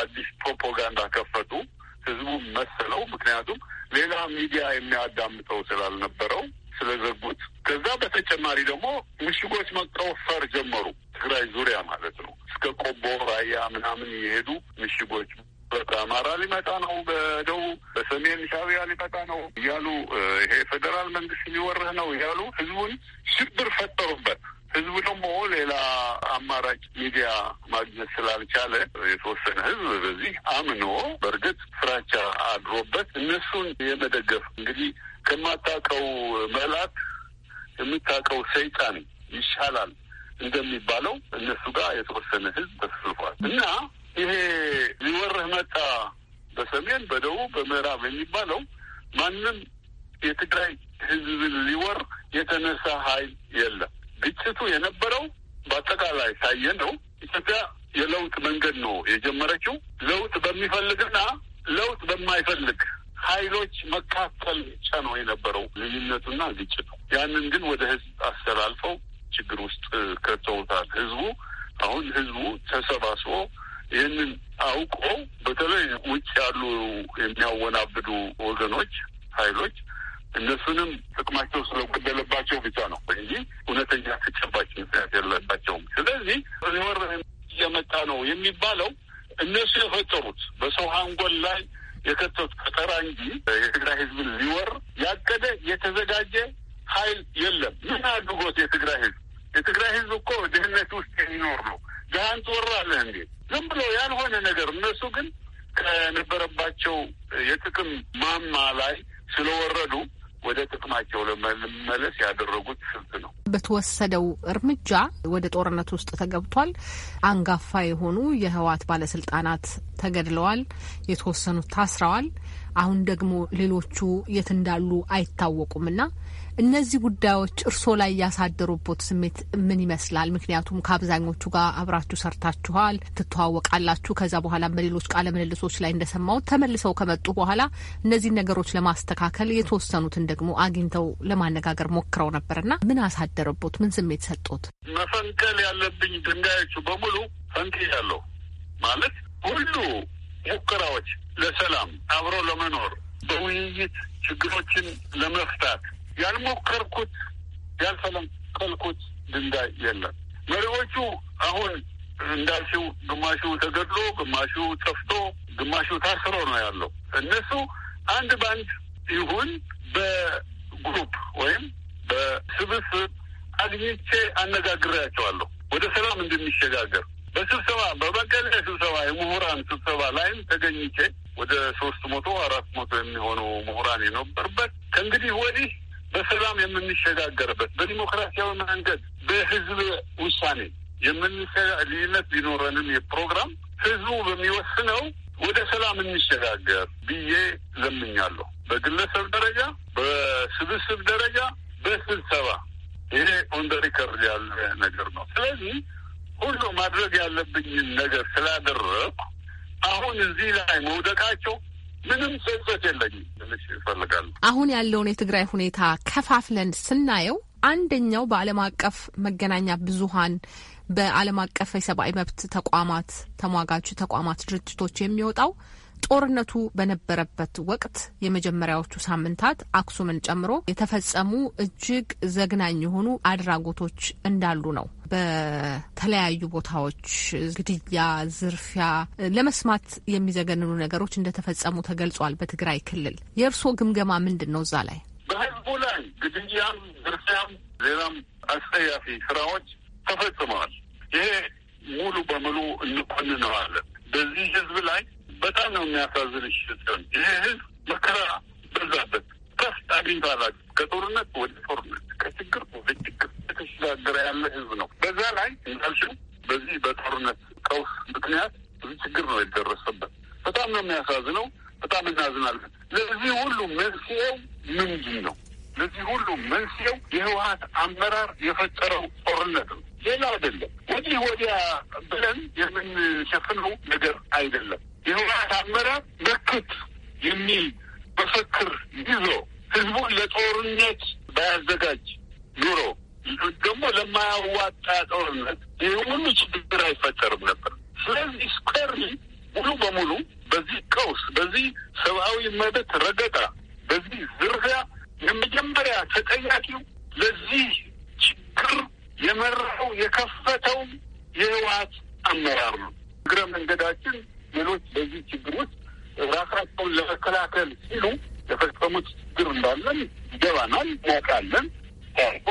አዲስ ፕሮፓጋንዳ ከፈቱ። ህዝቡ መሰለው። ምክንያቱም ሌላ ሚዲያ የሚያዳምጠው ስላልነበረው ስለዘጉት። ከዛ በተጨማሪ ደግሞ ምሽጎች መቆፈር ጀመሩ። ትግራይ ዙሪያ ማለት ነው። እስከ ቆቦ፣ ራያ ምናምን የሄዱ ምሽጎች በአማራ ሊመጣ ነው፣ በደቡብ በሰሜን ሻቢያ ሊመጣ ነው እያሉ ይሄ ፌዴራል መንግስት ሊወርህ ነው እያሉ ህዝቡን ሽብር ፈጠሩበት። ህዝቡ ደግሞ ሌላ አማራጭ ሚዲያ ማግኘት ስላልቻለ የተወሰነ ህዝብ በዚህ አምኖ በእርግጥ ፍራቻ አድሮበት እነሱን የመደገፍ እንግዲህ ከማታውቀው መላት የምታውቀው ሰይጣን ይሻላል እንደሚባለው እነሱ ጋር የተወሰነ ህዝብ ተስልፏል እና ይሄ ሊወርህ መጣ በሰሜን በደቡብ በምዕራብ የሚባለው ማንም የትግራይ ህዝብን ሊወር የተነሳ ሀይል የለም። ግጭቱ የነበረው በአጠቃላይ ሳየ ነው ኢትዮጵያ የለውጥ መንገድ ነው የጀመረችው። ለውጥ በሚፈልግና ለውጥ በማይፈልግ ኃይሎች መካከል ብቻ ነው የነበረው ልዩነቱና ግጭቱ። ያንን ግን ወደ ህዝብ አስተላልፈው ችግር ውስጥ ከተውታል። ህዝቡ አሁን ህዝቡ ተሰባስቦ ይህንን አውቆ በተለይ ውጭ ያሉ የሚያወናብዱ ወገኖች ኃይሎች እነሱንም ጥቅማቸው ስለጎደለባቸው ብቻ ነው እንጂ እውነተኛ ተጨባጭ ምክንያት የለባቸውም። ስለዚህ ሪወር እየመጣ ነው የሚባለው እነሱ የፈጠሩት በሰው አንጎል ላይ የከተቱት ፈጠራ እንጂ የትግራይ ህዝብን ሊወር ያቀደ የተዘጋጀ ኃይል የለም። ምን አድርጎት የትግራይ ህዝብ የትግራይ ህዝብ እኮ ድህነት ውስጥ የሚኖር ነው። ድሃን ትወራለህ እንዴ? ዝም ብሎ ያልሆነ ነገር። እነሱ ግን ከነበረባቸው የጥቅም ማማ ላይ ስለወረዱ ወደ ጥቅማቸው ለመመለስ ያደረጉት ስልት ነው። በተወሰደው እርምጃ ወደ ጦርነት ውስጥ ተገብቷል። አንጋፋ የሆኑ የህወሓት ባለስልጣናት ተገድለዋል፣ የተወሰኑት ታስረዋል። አሁን ደግሞ ሌሎቹ የት እንዳሉ አይታወቁም እነዚህ ጉዳዮች እርስዎ ላይ ያሳደሩቦት ስሜት ምን ይመስላል? ምክንያቱም ከአብዛኞቹ ጋር አብራችሁ ሰርታችኋል፣ ትተዋወቃላችሁ። ከዛ በኋላ በሌሎች ቃለ ምልልሶች ላይ እንደሰማሁት ተመልሰው ከመጡ በኋላ እነዚህን ነገሮች ለማስተካከል የተወሰኑትን ደግሞ አግኝተው ለማነጋገር ሞክረው ነበርና ምን አሳደረቦት? ምን ስሜት ሰጡት? መፈንቀል ያለብኝ ድንጋዮቹ በሙሉ ፈንቅ ያለው ማለት ሁሉ ሙከራዎች ለሰላም አብሮ ለመኖር በውይይት ችግሮችን ለመፍታት ያልሞከርኩት ያልፈለቀልኩት ድንጋይ የለም። መሪዎቹ አሁን እንዳልሽው ግማሹ ተገድሎ፣ ግማሹ ጠፍቶ፣ ግማሹ ታስሮ ነው ያለው። እነሱ አንድ ባንድ ይሁን በግሩፕ ወይም በስብስብ አግኝቼ አነጋግሬያቸዋለሁ ወደ ሰላም እንደሚሸጋገር በስብሰባ በመቀሌ ስብሰባ የምሁራን ስብሰባ ላይም ተገኝቼ ወደ ሶስት መቶ አራት መቶ የሚሆኑ ምሁራን የነበርበት ከእንግዲህ ወዲህ በሰላም የምንሸጋገርበት በዲሞክራሲያዊ መንገድ በህዝብ ውሳኔ የምንሰራ ልዩነት ቢኖረንም የፕሮግራም ህዝቡ በሚወስነው ወደ ሰላም እንሸጋገር ብዬ ለምኛለሁ። በግለሰብ ደረጃ፣ በስብስብ ደረጃ፣ በስብሰባ ይሄ ኦንደሪከርድ ያለ ነገር ነው። ስለዚህ ሁሉ ማድረግ ያለብኝን ነገር ስላደረግኩ አሁን እዚህ ላይ መውደቃቸው ምንም ሴንሰት የለኝም ትንሽ ይፈልጋል። አሁን ያለውን የትግራይ ሁኔታ ከፋፍለን ስናየው አንደኛው በዓለም አቀፍ መገናኛ ብዙሃን በዓለም አቀፍ የሰብአዊ መብት ተቋማት ተሟጋቹ ተቋማት ድርጅቶች የሚወጣው ጦርነቱ በነበረበት ወቅት የመጀመሪያዎቹ ሳምንታት አክሱምን ጨምሮ የተፈጸሙ እጅግ ዘግናኝ የሆኑ አድራጎቶች እንዳሉ ነው። በተለያዩ ቦታዎች ግድያ፣ ዝርፊያ፣ ለመስማት የሚዘገንኑ ነገሮች እንደተፈጸሙ ተገልጿል። በትግራይ ክልል የእርስዎ ግምገማ ምንድን ነው? እዛ ላይ በህዝቡ ላይ ግድያም፣ ዝርፊያም፣ ሌላም አስጸያፊ ስራዎች ተፈጽመዋል። ይሄ ሙሉ በሙሉ እንኮንነዋለን። በዚህ ህዝብ ላይ በጣም ነው የሚያሳዝንሽ። ይህ ህዝብ መከራ በዛበት ከፍ አግኝቷላችሁ። ከጦርነት ወደ ጦርነት፣ ከችግር ወደ ችግር የተሸጋገረ ያለ ህዝብ ነው። በዛ ላይ እንዳልሽው በዚህ በጦርነት ቀውስ ምክንያት ብዙ ችግር ነው የደረሰበት። በጣም ነው የሚያሳዝነው። በጣም እናዝናለን። ለዚህ ሁሉ መንስኤው ምንድን ነው? ለዚህ ሁሉ መንስኤው የህወሀት አመራር የፈጠረው ጦርነት ነው፣ ሌላ አይደለም። ወዲህ ወዲያ ብለን የምንሸፍነው ነገር አይደለም። የህወሀት አመራር በክት የሚል መፈክር ይዞ ህዝቡን ለጦርነት ባያዘጋጅ ኑሮ ደግሞ ለማያዋጣ ጦርነት ይህ ሁሉ ችግር አይፈጠርም ነበር። ስለዚህ ስኩዌርሊ ሙሉ በሙሉ በዚህ ቀውስ፣ በዚህ ሰብአዊ መብት ረገጣ፣ በዚህ ዝርፊያ የመጀመሪያ ተጠያቂው ለዚህ ችግር የመራው የከፈተው የህወሀት አመራር ነው። እግረ መንገዳችን ሌሎች በዚህ ችግር ውስጥ ራሳቸውን ለመከላከል ሲሉ የፈጸሙት ችግር እንዳለን ይገባናል፣ እናውቃለን። ታርቆ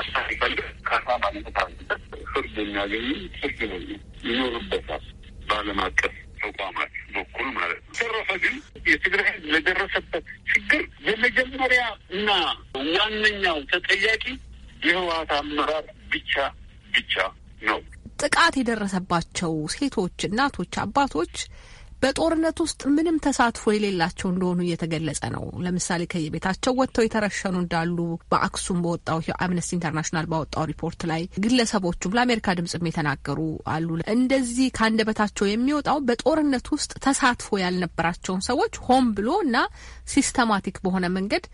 አሳሪፈልግ ካሳ ማለት አለበት ፍርድ የሚያገኙ ፍርድ ነው ይኖርበታል በዓለም አቀፍ ተቋማት በኩል ማለት ነው። ተረፈ ግን የትግራይ ሕዝብ ለደረሰበት ችግር የመጀመሪያ እና ዋነኛው ተጠያቂ የህወሀት አመራር ብቻ ብቻ ነው። ጥቃት የደረሰባቸው ሴቶች፣ እናቶች፣ አባቶች በጦርነት ውስጥ ምንም ተሳትፎ የሌላቸው እንደሆኑ እየተገለጸ ነው። ለምሳሌ ከየቤታቸው ወጥተው የተረሸኑ እንዳሉ በአክሱም በወጣው አምነስቲ ኢንተርናሽናል ባወጣው ሪፖርት ላይ ግለሰቦቹም ለአሜሪካ ድምጽም የተናገሩ አሉ። እንደዚህ ከአንደበታቸው የሚወጣው በጦርነት ውስጥ ተሳትፎ ያልነበራቸውን ሰዎች ሆን ብሎ እና ሲስተማቲክ በሆነ መንገድ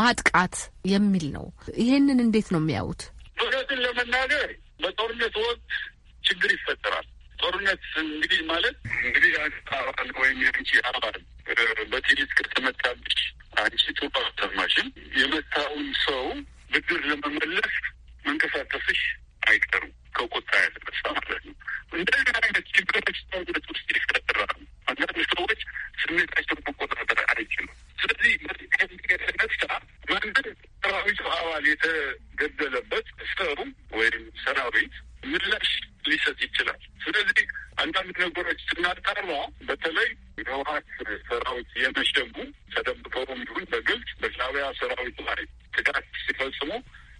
ማጥቃት የሚል ነው። ይሄንን እንዴት ነው የሚያዩት? ለመናገር በጦርነት ወቅት ችግር ይፈጠራል። ጦርነት እንግዲህ ማለት እንግዲህ አባል ወይም የአንቺ አባል ቅርጽ ከተመታብሽ አንቺ ጡባ ተማሽን የመታውን ሰው ብድር ለመመለስ መንቀሳቀስሽ አይቀርም። ከቁጣ ያለበሳ ማለት ነው። እንደዚህ አይነት ችግሮች ጦርነት ውስጥ ይፈጠራሉ። አንዳንድ ሰዎች ስሜታቸው መቆጣጠር አይችሉም። ስለዚህ ከሚገነሳ መንድን ሰራዊቱ አባል የተገደለበት ሰሩ ወይም ሰራዊት ምላሽ ሊሰጥ ይችላል። ስለዚህ አንዳንድ ነገሮች ስናጠራ በተለይ የህወሀት ሰራዊት የመሸጉ ተደብቀውም ይሁን በግልጽ በሻቢያ ሰራዊት ላይ ጥቃት ሲፈጽሙ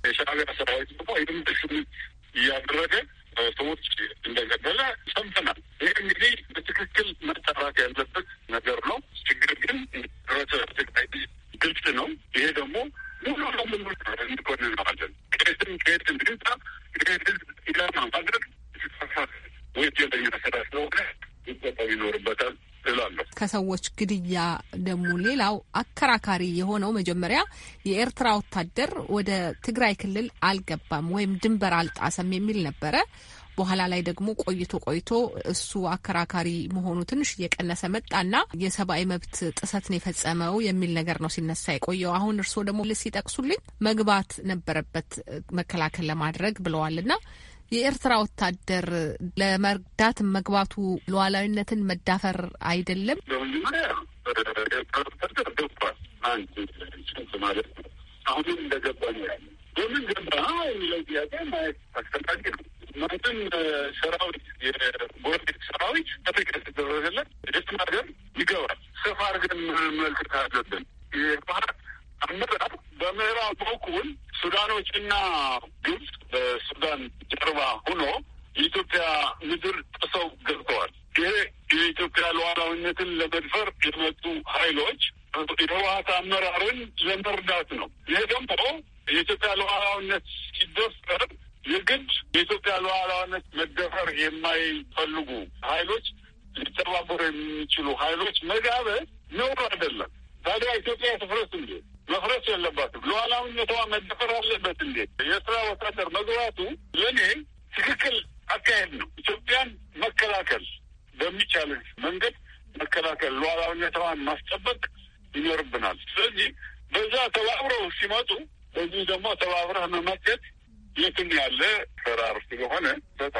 የሻቢያ ሰራዊት ደግሞ የምትሽሙት እያደረገ ሰዎች እንደገደለ ሰምተናል። ይህ እንግዲህ በትክክል መጠራት ያለበት ነገር ነው። ችግር ግን ትግራይ ግልጽ ነው። ይሄ ደግሞ ከሰዎች ግድያ ደግሞ ሌላው አከራካሪ የሆነው መጀመሪያ የኤርትራ ወታደር ወደ ትግራይ ክልል አልገባም ወይም ድንበር አልጣሰም የሚል ነበረ። በኋላ ላይ ደግሞ ቆይቶ ቆይቶ እሱ አከራካሪ መሆኑ ትንሽ እየቀነሰ መጣና የሰብአዊ መብት ጥሰት ነው የፈጸመው የሚል ነገር ነው ሲነሳ የቆየው። አሁን እርስዎ ደግሞ ሲጠቅሱልኝ መግባት ነበረበት መከላከል ለማድረግ ብለዋልና የኤርትራ ወታደር ለመርዳት መግባቱ ሉዓላዊነትን መዳፈር አይደለም? ማለት ነው። አሁንም እንደገባ ነው ያለ። በምን ገባ የሚለው ጥያቄ ማየት አስፈላጊ ነው። ማንም ሰራዊት ሰራዊት ተደረገለት ይገባል። ሰፋ አድርገን አለብን። የባህር አመራር በምዕራብ በኩል ሱዳኖችና ግብፅ በሱዳን ጀርባ ሆኖ የኢትዮጵያ ምድር ጥሰው ገብተዋል። ይሄ የኢትዮጵያ ሉዓላዊነትን ለመድፈር የመጡ ኃይሎች የህወሀት አመራርን ለመርዳት ነው። ይሄ ደግሞ የኢትዮጵያ ሉዓላዊነት ሲደፈር የግድ የኢትዮጵያ ሉዓላዊነት መደፈር የማይፈልጉ ኃይሎች ሊተባበሩ የሚችሉ ኃይሎች መጋበዝ ነውር አይደለም። ታዲያ ኢትዮጵያ ትፍረስ እንዴ? መፍረስ የለባትም። ሉዓላዊነቷ መደፈር አለበት እንዴ? የኤርትራ ወታደር መግባቱ ለእኔ ትክክል አካሄድ ነው። ኢትዮጵያን መከላከል በሚቻል መንገድ መከላከል፣ ሉዓላዊነቷን ማስጠበቅ ይኖርብናል። ስለዚህ በዛ ተባብረው ሲመጡ በዚህ ደግሞ ተባብረህ መመከት የትም ያለ ፈራር ስለሆነ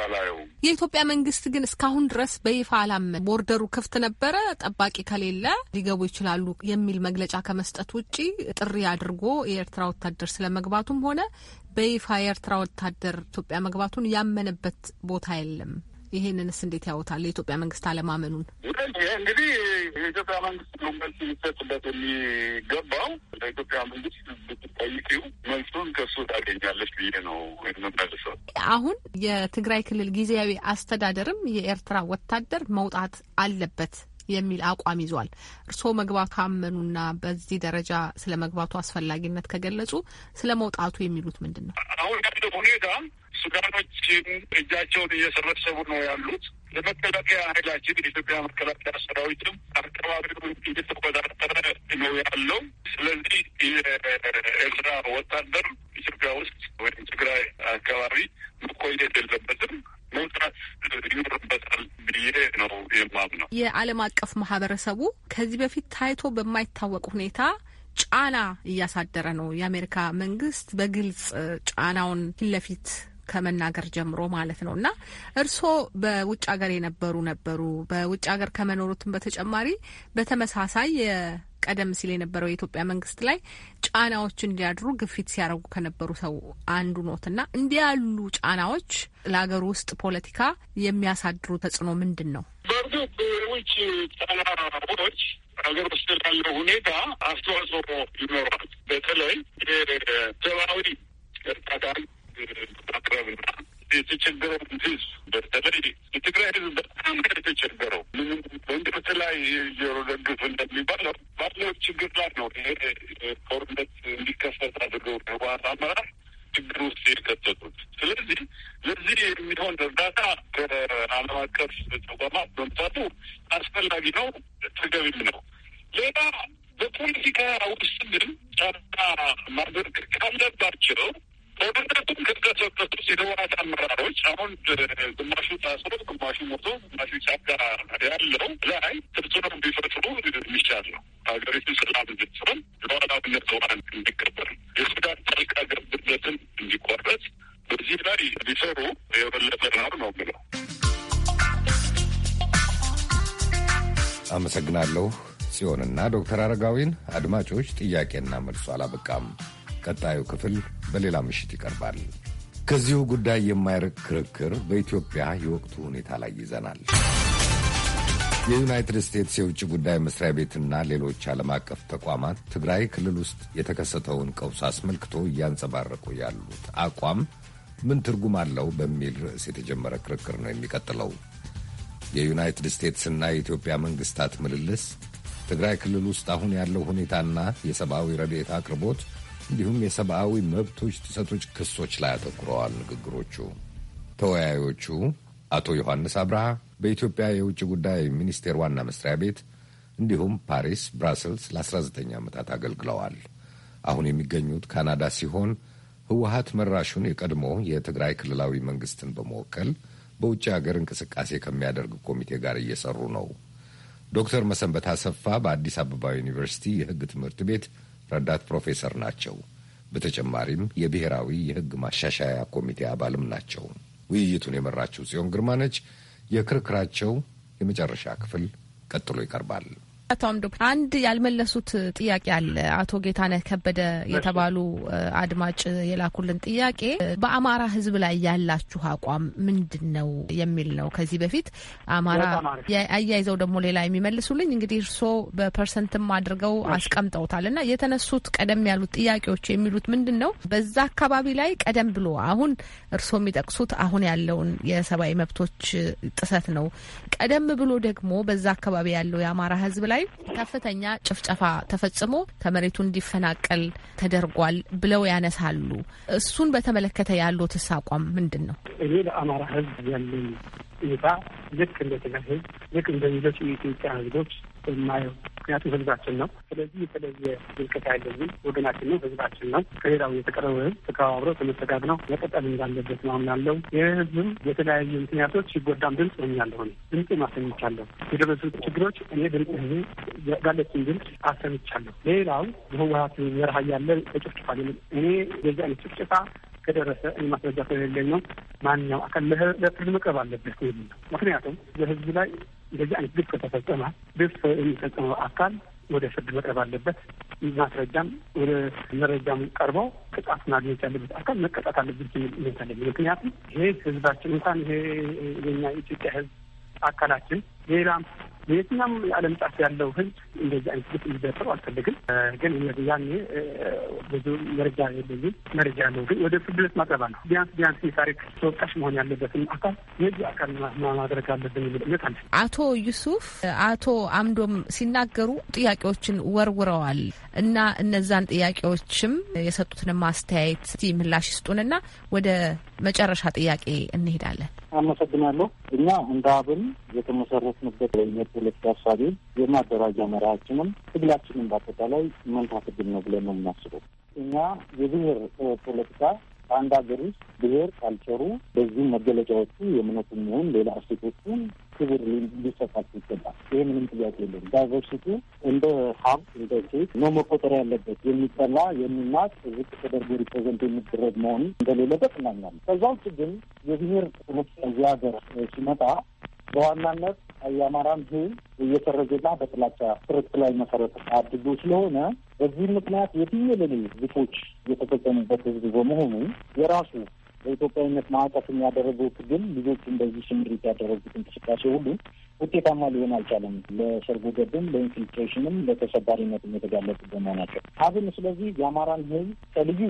አላየውም። የኢትዮጵያ መንግስት ግን እስካሁን ድረስ በይፋ አላመን ቦርደሩ ክፍት ነበረ፣ ጠባቂ ከሌለ ሊገቡ ይችላሉ የሚል መግለጫ ከመስጠት ውጪ ጥሪ አድርጎ የኤርትራ ወታደር ስለመግባቱም ሆነ በይፋ የኤርትራ ወታደር ኢትዮጵያ መግባቱን ያመነበት ቦታ የለም። ይሄንንስ እንዴት ያውታል? የኢትዮጵያ መንግስት አለማመኑን እንግዲህ የኢትዮጵያ መንግስት ነው መልስ የሚሰጥበት የሚገባው። ለኢትዮጵያ መንግስት ብትጠይቂው መልሱን ከሱ ታገኛለች ብዬ ነው የምመልሰው። አሁን የትግራይ ክልል ጊዜያዊ አስተዳደርም የኤርትራ ወታደር መውጣት አለበት የሚል አቋም ይዟል። እርስዎ መግባት ካመኑና በዚህ ደረጃ ስለ መግባቱ አስፈላጊነት ከገለጹ ስለ መውጣቱ የሚሉት ምንድን ነው? አሁን ያለው ሁኔታ ሱዳኖችም እጃቸውን እየሰበሰቡ ነው ያሉት። ለመከላከያ ኃይላችን የኢትዮጵያ መከላከያ ሰራዊትም አካባቢው እየተቆጣጠረ ነው ያለው። ስለዚህ የኤርትራ ወታደር ኢትዮጵያ ውስጥ ወይም ትግራይ አካባቢ መቆየት የለበትም ነው የዓለም አቀፍ ማህበረሰቡ ከዚህ በፊት ታይቶ በማይታወቅ ሁኔታ ጫና እያሳደረ ነው። የአሜሪካ መንግስት በግልጽ ጫናውን ፊት ለፊት ከመናገር ጀምሮ ማለት ነው እና እርስዎ በውጭ ሀገር የነበሩ ነበሩ። በውጭ ሀገር ከመኖሩትም በተጨማሪ በተመሳሳይ ቀደም ሲል የነበረው የኢትዮጵያ መንግስት ላይ ጫናዎች እንዲያድሩ ግፊት ሲያደርጉ ከነበሩ ሰው አንዱ ኖትና እንዲህ ያሉ ጫናዎች ለሀገር ውስጥ ፖለቲካ የሚያሳድሩ ተጽዕኖ ምንድን ነው? በእርግጥ የውጭ ጫናዎች ሀገር ውስጥ ላለው ሁኔታ አስተዋጽኦ ይኖራል። በተለይ ሰብአዊ እርዳታን ማቅረብና የተቸገረውን ህዝብ በተለይ የትግራይ ህዝብ በጣም ከተቸገረው ምንም በእንቅርት ላይ ጆሮ ደግፍ እንደሚባለው ባለው ችግር ላይ ነው። ይሄ ጦርነት እንዲከሰት አድርገው ህወሓት አመራር ችግር ውስጥ የከተቱት። ስለዚህ ለዚህ የሚሆን እርዳታ ከዓለም አቀፍ ተቋማት መምጣቱ አስፈላጊ ነው፣ ተገቢም ነው። ሌላ በፖለቲካ ውስጥ ግን ጫና ማድረግ ካለባቸው ጽዮንና ዶክተር አረጋዊን አድማጮች ጥያቄና መልሶ አላበቃም። ቀጣዩ ክፍል በሌላ ምሽት ይቀርባል። ከዚሁ ጉዳይ የማይርቅ ክርክር በኢትዮጵያ የወቅቱ ሁኔታ ላይ ይዘናል። የዩናይትድ ስቴትስ የውጭ ጉዳይ መስሪያ ቤትና ሌሎች ዓለም አቀፍ ተቋማት ትግራይ ክልል ውስጥ የተከሰተውን ቀውስ አስመልክቶ እያንጸባረቁ ያሉት አቋም ምን ትርጉም አለው በሚል ርዕስ የተጀመረ ክርክር ነው የሚቀጥለው። የዩናይትድ ስቴትስና የኢትዮጵያ መንግስታት ምልልስ ትግራይ ክልል ውስጥ አሁን ያለው ሁኔታና የሰብአዊ ረድኤት አቅርቦት እንዲሁም የሰብአዊ መብቶች ጥሰቶች ክሶች ላይ አተኩረዋል ንግግሮቹ። ተወያዮቹ አቶ ዮሐንስ አብርሃ በኢትዮጵያ የውጭ ጉዳይ ሚኒስቴር ዋና መስሪያ ቤት እንዲሁም ፓሪስ፣ ብራስልስ ለ19 ዓመታት አገልግለዋል። አሁን የሚገኙት ካናዳ ሲሆን ህወሀት መራሹን የቀድሞ የትግራይ ክልላዊ መንግስትን በመወከል በውጭ ሀገር እንቅስቃሴ ከሚያደርግ ኮሚቴ ጋር እየሰሩ ነው። ዶክተር መሰንበት አሰፋ በአዲስ አበባ ዩኒቨርሲቲ የህግ ትምህርት ቤት ረዳት ፕሮፌሰር ናቸው። በተጨማሪም የብሔራዊ የህግ ማሻሻያ ኮሚቴ አባልም ናቸው። ውይይቱን የመራችው ጽዮን ግርማ ነች። የክርክራቸው የመጨረሻ ክፍል ቀጥሎ ይቀርባል። አቶ አምዶ አንድ ያልመለሱት ጥያቄ አለ። አቶ ጌታነህ ከበደ የተባሉ አድማጭ የላኩልን ጥያቄ በአማራ ሕዝብ ላይ ያላችሁ አቋም ምንድን ነው የሚል ነው። ከዚህ በፊት አማራ አያይዘው ደግሞ ሌላ የሚመልሱልኝ እንግዲህ እርስዎ በፐርሰንትም አድርገው አስቀምጠውታል እና የተነሱት ቀደም ያሉት ጥያቄዎች የሚሉት ምንድን ነው በዛ አካባቢ ላይ ቀደም ብሎ አሁን እርስዎ የሚጠቅሱት አሁን ያለውን የሰብአዊ መብቶች ጥሰት ነው። ቀደም ብሎ ደግሞ በዛ አካባቢ ያለው የአማራ ሕዝብ ላይ ላይ ከፍተኛ ጭፍጨፋ ተፈጽሞ ከመሬቱ እንዲፈናቀል ተደርጓል ብለው ያነሳሉ። እሱን በተመለከተ ያሉትስ አቋም ምንድን ነው? እኔ ለአማራ ህዝብ ያለኝ ሁኔታ ልክ እንደ ትግራይ ሕዝብ ልክ እንደ ሌሎች የኢትዮጵያ ሕዝቦች የማየው ምክንያቱም ህዝባችን ነው። ስለዚህ የተለየ ምልከታ ያለኝም ወገናችን ነው፣ ህዝባችን ነው። ከሌላው የተቀረበ ህዝብ ተከባብሮ ነው መቀጠል እንዳለበት ነው አምናለው። የህዝብም የተለያዩ ምክንያቶች ሲጎዳም ድምፅ ሆኛለሁ፣ ድምፅ ማሰኝቻለሁ። የደረሱ ችግሮች እኔ ድምፅ ህዝብ ጋለችን ድምፅ አሰምቻለሁ። ሌላው በህወሀት በረሃ ያለ ተጭፍጭፋል። እኔ የዚህ አይነት ጭፍጭፋ ከደረሰ እኔ ማስረጃ ስለሌለኝ ነው። ማንኛው አካል ለፍርድ መቅረብ አለበት ነው። ምክንያቱም በህዝብ ላይ እንደዚህ አይነት ግፍ ከተፈጸመ ግፍ የሚፈጽመው አካል ወደ ፍርድ መቅረብ አለበት። ማስረጃም ወደ መረጃም ቀርበው ቅጣት ማግኘት ያለበት አካል መቀጣት አለበት የሚል እምነት አለኝ። ምክንያቱም ይሄ ህዝባችን እንኳን ይሄ የኛ ኢትዮጵያ ህዝብ አካላችን ሌላም የትኛም የዓለም ጫፍ ያለው ህዝብ እንደዚህ አይነት ግፍ እንዲደርሰው አልፈልግም። ግን ያኔ ብዙ መረጃ የለኝም። መረጃ ያለው ግን ወደ ፍርድ ቤት ማቅረባ ነው። ቢያንስ ቢያንስ የታሪክ ተወቃሽ መሆን ያለበትን አካል የዚህ አካል ማድረግ አለብን የሚል እምነት አለ። አቶ ዩሱፍ አቶ አምዶም ሲናገሩ ጥያቄዎችን ወርውረዋል እና እነዛን ጥያቄዎችም የሰጡትን ማስተያየት ምላሽ ይስጡንና ወደ መጨረሻ ጥያቄ እንሄዳለን። አመሰግናለሁ። እኛ እንደ አብን የተመሰረትንበት የፖለቲካ አሳቢ የማደራጃ መርሃችንም ትግላችንም በአጠቃላይ መንታ ትግል ነው ብለን ነው የምናስበው። እኛ የብሔር ፖለቲካ በአንድ ሀገር ውስጥ ብሔር ካልቸሩ፣ በዚህም መገለጫዎቹ የእምነቱ ሆን ሌላ እሴቶቹ ክብር ሊሰጣት ይገባል። ይህ ምንም ጥያቄ የለም። ዳይቨርሲቲ እንደ ሀብት እንደ ሴት ነው መቆጠር ያለበት። የሚጠላ የሚናቅ ዝቅ ተደርጎ ሪፕሬዘንት የሚደረግ መሆኑ እንደሌለበት እናምናለን። ከዛ ውጭ ግን የብሔር ጥቅሞች እዚህ ሀገር ሲመጣ በዋናነት የአማራን ህዝብ እየተረገና በጥላቻ ክርክር ላይ መሰረት አድርጎ ስለሆነ በዚህ ምክንያት የትየለሌ ግፎች የተፈጸሙበት ህዝብ በመሆኑ የራሱ በኢትዮጵያዊነት ማዕቀፍ የሚያደረጉት ግን ልጆቹ እንደዚህ ስምሪት ያደረጉት እንቅስቃሴ ሁሉ ውጤታማ ሊሆን አልቻለም። ለሰርጎ ገብም ለኢንፊልትሬሽንም ለተሰባሪነትም የተጋለጡ በመሆናቸው አብን ስለዚህ የአማራን ህዝብ ከልዩ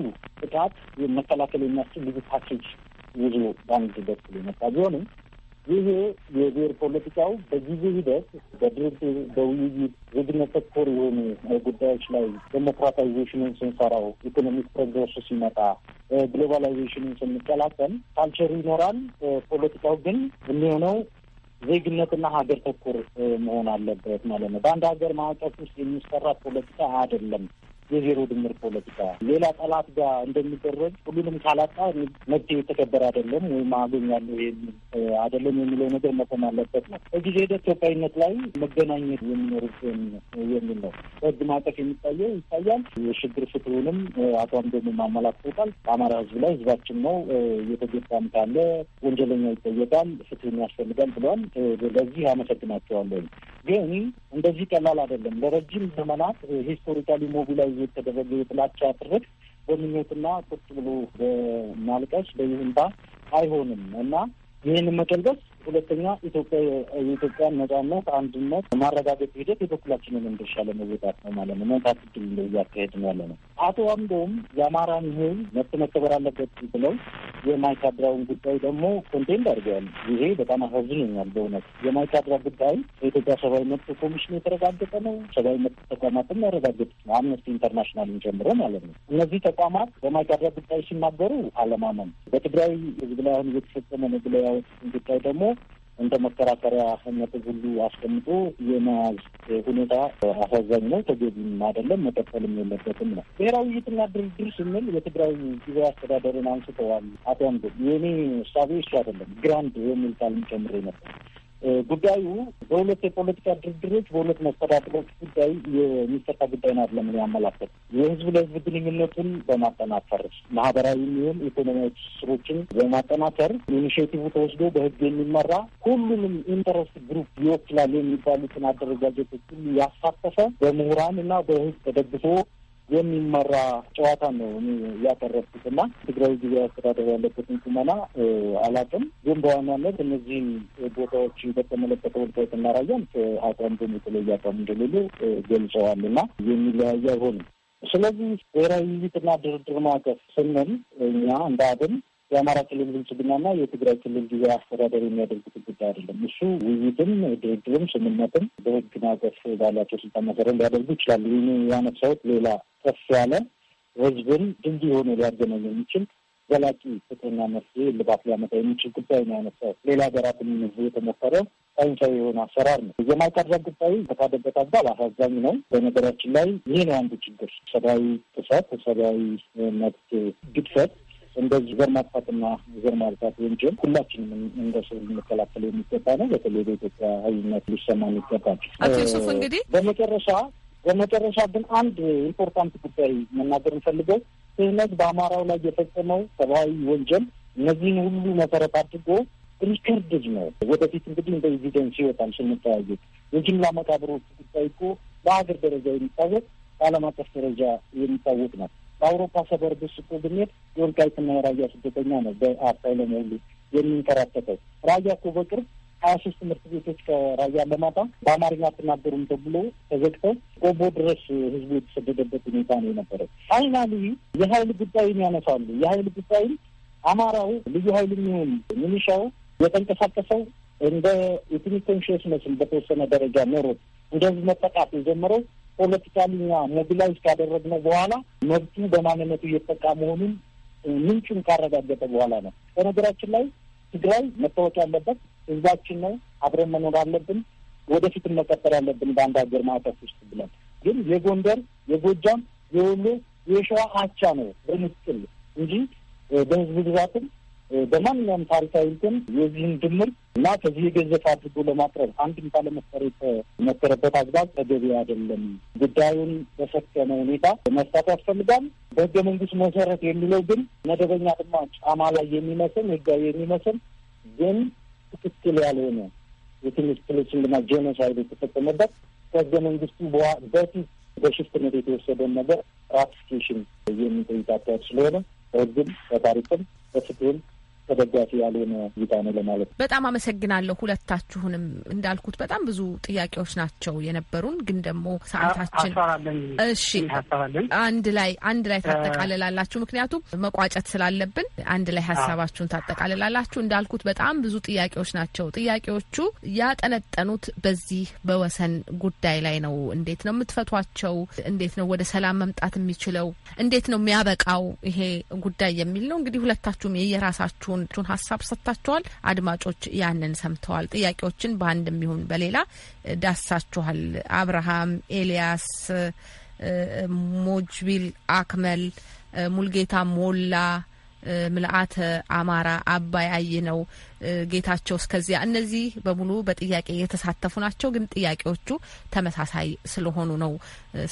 ጥቃት መከላከል የሚያስችል ልዩ ፓኬጅ ይዞ በአንድ በኩል የመጣ ቢሆንም ይሄ የብሔር ፖለቲካው በጊዜ ሂደት በድርድ በውይይት ዜግነት ተኮር የሆኑ ጉዳዮች ላይ ዴሞክራታይዜሽንን ስንሰራው፣ ኢኮኖሚክ ፕሮግረሱ ሲመጣ፣ ግሎባላይዜሽንን ስንቀላቀል ካልቸር ይኖራል። ፖለቲካው ግን የሚሆነው ዜግነትና ሀገር ተኮር መሆን አለበት ማለት ነው። በአንድ ሀገር ማዕቀፍ ውስጥ የሚሰራ ፖለቲካ አይደለም የዜሮ ድምር ፖለቲካ ሌላ ጠላት ጋር እንደሚደረግ ሁሉንም ካላጣ መብት የተከበረ አይደለም ወይም አገኛለሁ አይደለም የሚለው ነገር መቆም አለበት ነው። በጊዜ ሂደት ኢትዮጵያዊነት ላይ መገናኘት የሚኖርብን የሚል ነው። በህግ ማዕቀፍ የሚታየው ይታያል። የሽግግር ፍትሁንም አቶ አንዶም አመላክቶታል። በአማራ ህዝብ ላይ ህዝባችን ነው እየተገባም ካለ ወንጀለኛ ይጠየቃል፣ ፍትህን ያስፈልጋል ብለዋል። ለዚህ አመሰግናቸዋለሁ። ግን እንደዚህ ቀላል አይደለም። ለረጅም ዘመናት ሂስቶሪካሊ ሞቢላይ የተደረገ የጥላቻ ትርክ በምኞትና ቁጭ ብሎ በማልቀስ በይሁንታ አይሆንም እና ይህን መቀልበስ ሁለተኛ ኢትዮጵያ የኢትዮጵያን ነጻነት፣ አንድነት ማረጋገጥ ሂደት የበኩላችንን ድርሻ ለመወጣት ነው ማለት ነው። መንታት ድል እንደ እያካሄድ ነው ያለ ነው። አቶ አምዶም የአማራን ህዝብ መብት መከበር አለበት ብለው የማይካድራውን ጉዳይ ደግሞ ኮንቴን አድርገዋል። ይሄ በጣም አሳዝኖኛል በእውነት የማይካድራ ጉዳይ በኢትዮጵያ ሰብአዊ መብት ኮሚሽን የተረጋገጠ ነው። ሰብአዊ መብት ተቋማትም ያረጋገጡት ነው፣ አምነስቲ ኢንተርናሽናልን ጀምሮ ማለት ነው። እነዚህ ተቋማት በማይካድራ ጉዳይ ሲናገሩ አለማመን፣ በትግራይ ህዝብ ላይ አሁን እየተፈጸመ ነው ብለው ያወጡትን ጉዳይ ደግሞ እንደ መከራከሪያ መከራከሪያነት ሁሉ አስቀምጦ የመያዝ ሁኔታ አሳዛኝ ነው፣ ተገቢም አይደለም፣ መቀጠልም የለበትም ነው። ብሔራዊ ውይይትና ድርድር ስንል የትግራይ ጊዜያዊ አስተዳደርን አንስተዋል አቶ አንዱ የእኔ እሳቤ እሱ አይደለም ግራንድ የሚል ቃልም ጨምሬ ነበር። ጉዳዩ በሁለት የፖለቲካ ድርድሮች በሁለት መስተዳድሮች ጉዳይ የሚፈታ ጉዳይ ነው ለምን ያመላከት የህዝብ ለህዝብ ግንኙነቱን በማጠናከር ማህበራዊ የሚሆን ኢኮኖሚያዊ ትስስሮችን በማጠናከር ኢኒሽቲቭ ተወስዶ በህግ የሚመራ ሁሉንም ኢንተረስት ግሩፕ ይወክላል የሚባሉትን አደረጃጀቶች ሁሉ ያሳተፈ በምሁራን እና በህዝብ ተደግፎ የሚመራ ጨዋታ ነው እያቀረብኩት እና ትግራዊ ጊዜ አስተዳደር ያለበትን ቁመና አላውቅም፣ ግን በዋናነት እነዚህም ቦታዎች በተመለከተ ወልቃይትና ራያን አቋም ግን የተለየ አቋም እንደሌሉ ገልጸዋል እና የሚለያዩ አይሆንም። ስለዚህ ብሔራዊ ውይይትና ድርድር ማዕቀፍ ስንል እኛ እንደ አብን የአማራ ክልል ብልጽግናና የትግራይ ክልል ጊዜ አስተዳደር የሚያደርጉት ጉዳይ አይደለም። እሱ ውይይትም፣ ድርድርም፣ ስምነትም በህግ ማዕቀፍ ባላቸው ስልጣን መሰረት ሊያደርጉ ይችላሉ። ይህ ያነሳሁት ሌላ ከፍ ያለ ህዝብን ድልድይ የሆነ ሊያገናኝ የሚችል ዘላቂ ፍትህና መፍትሄ ልባት ሊያመጣ የሚችል ጉዳይ ነው ያነሳው። ሌላ ሀገራት የሚመዝ የተሞከረው ሳይንሳዊ የሆነ አሰራር ነው። የማይቀርዛ ጉዳይ ከታደበት አግባብ አሳዛኝ ነው። በነገራችን ላይ ይህ ነው አንዱ ችግር፣ ሰብአዊ ጥሰት፣ ሰብአዊ መብት ግድፈት እንደዚህ ዘር ማጥፋትና ዘር ማልፋት ወንጀል ሁላችንም እንደ ሰው ልንከላከለው የሚገባ ነው። በተለይ በኢትዮጵያ ህዝነት ሊሰማ ይገባል። አቶ ዩሱፍ እንግዲህ በመጨረሻ በመጨረሻ ግን አንድ ኢምፖርታንት ጉዳይ መናገር እንፈልገው ስህነት በአማራው ላይ የፈጸመው ሰብአዊ ወንጀል እነዚህን ሁሉ መሰረት አድርጎ ሪከርድድ ነው። ወደፊት እንግዲህ እንደ ኤቪደንስ ይወጣል ስንተያየት የጅምላ መቃብሮች ጉዳይ እኮ በሀገር ደረጃ የሚታወቅ በዓለም አቀፍ ደረጃ የሚታወቅ ነው። በአውሮፓ ሰፈር ብስጡ ብንሄድ የወልቃይትና የራያ ስደተኛ ነው በአሳይለም ሁሉ የሚንከራተተው። ራያ እኮ በቅርብ ሀያ ሶስት ትምህርት ቤቶች ከራያ ለማጣ በአማርኛ አትናገሩም ተብሎ ተዘግተው ቆቦ ድረስ ህዝቡ የተሰደደበት ሁኔታ ነው የነበረው። ፋይናሊ የሀይል ጉዳይን ያነሳሉ። የሀይል ጉዳይም አማራው ልዩ ሀይል የሚሆን ሚኒሻው የተንቀሳቀሰው እንደ ኢትኒክ ኮንሽስነስን በተወሰነ ደረጃ ኖሮት እንደዚህ መጠቃት የጀመረው ፖለቲካሊኛ ሞቢላይዝ ካደረግነው በኋላ መብቱ በማንነቱ እየተጠቃ መሆኑን ምንጩን ካረጋገጠ በኋላ ነው። በነገራችን ላይ ትግራይ መታወቅ ያለበት ህዝባችን ነው። አብረን መኖር አለብን። ወደፊት መቀጠል ያለብን በአንድ ሀገር ማዕቀፍ ውስጥ ብለን ግን የጎንደር፣ የጎጃም፣ የወሎ፣ የሸዋ አቻ ነው በምስል እንጂ በህዝብ ብዛትም በማንኛውም ታሪካዊ እንትን የዚህን ድምር እና ከዚህ የገዘፈ አድርጎ ለማቅረብ አንድ እንኳ ለመፍጠር የተመከረበት አግባብ ተገቢ አይደለም። ጉዳዩን በሰከነ ሁኔታ መፍታት ያስፈልጋል። በህገ መንግስት መሰረት የሚለው ግን መደበኛ ድማ ጫማ ላይ የሚመስል ህጋዊ የሚመስል ግን ትክክል ያልሆነ የትንሽ ክልችን ልማ ጄኖሳይድ የተፈጸመበት ከህገ መንግስቱ በፊት በሽፍትነት የተወሰደን ነገር ራቲፊኬሽን የሚጠይቅ አካሄድ ስለሆነ በህግም በታሪክም በፍትህም ተደጋፊ ያልሆነ እይታ ነው ለማለት ነው። በጣም አመሰግናለሁ ሁለታችሁንም። እንዳልኩት በጣም ብዙ ጥያቄዎች ናቸው የነበሩን፣ ግን ደግሞ ሰዓታችን እሺ፣ አንድ ላይ አንድ ላይ ታጠቃልላላችሁ፣ ምክንያቱም መቋጨት ስላለብን አንድ ላይ ሀሳባችሁን ታጠቃልላላችሁ። እንዳልኩት በጣም ብዙ ጥያቄዎች ናቸው። ጥያቄዎቹ ያጠነጠኑት በዚህ በወሰን ጉዳይ ላይ ነው። እንዴት ነው የምትፈቷቸው? እንዴት ነው ወደ ሰላም መምጣት የሚችለው? እንዴት ነው የሚያበቃው ይሄ ጉዳይ የሚል ነው። እንግዲህ ሁለታችሁም የየራሳችሁ የራሳችሁን ሀሳብ ሰጥታችኋል። አድማጮች ያንን ሰምተዋል። ጥያቄዎችን በአንድም ይሁን በሌላ ዳሳችኋል። አብርሃም ኤልያስ፣ ሞጅቢል አክመል፣ ሙልጌታ ሞላ፣ ምልአተ አማራ፣ አባይ አይ ነው ጌታቸው እስከዚያ እነዚህ በሙሉ በጥያቄ የተሳተፉ ናቸው። ግን ጥያቄዎቹ ተመሳሳይ ስለሆኑ ነው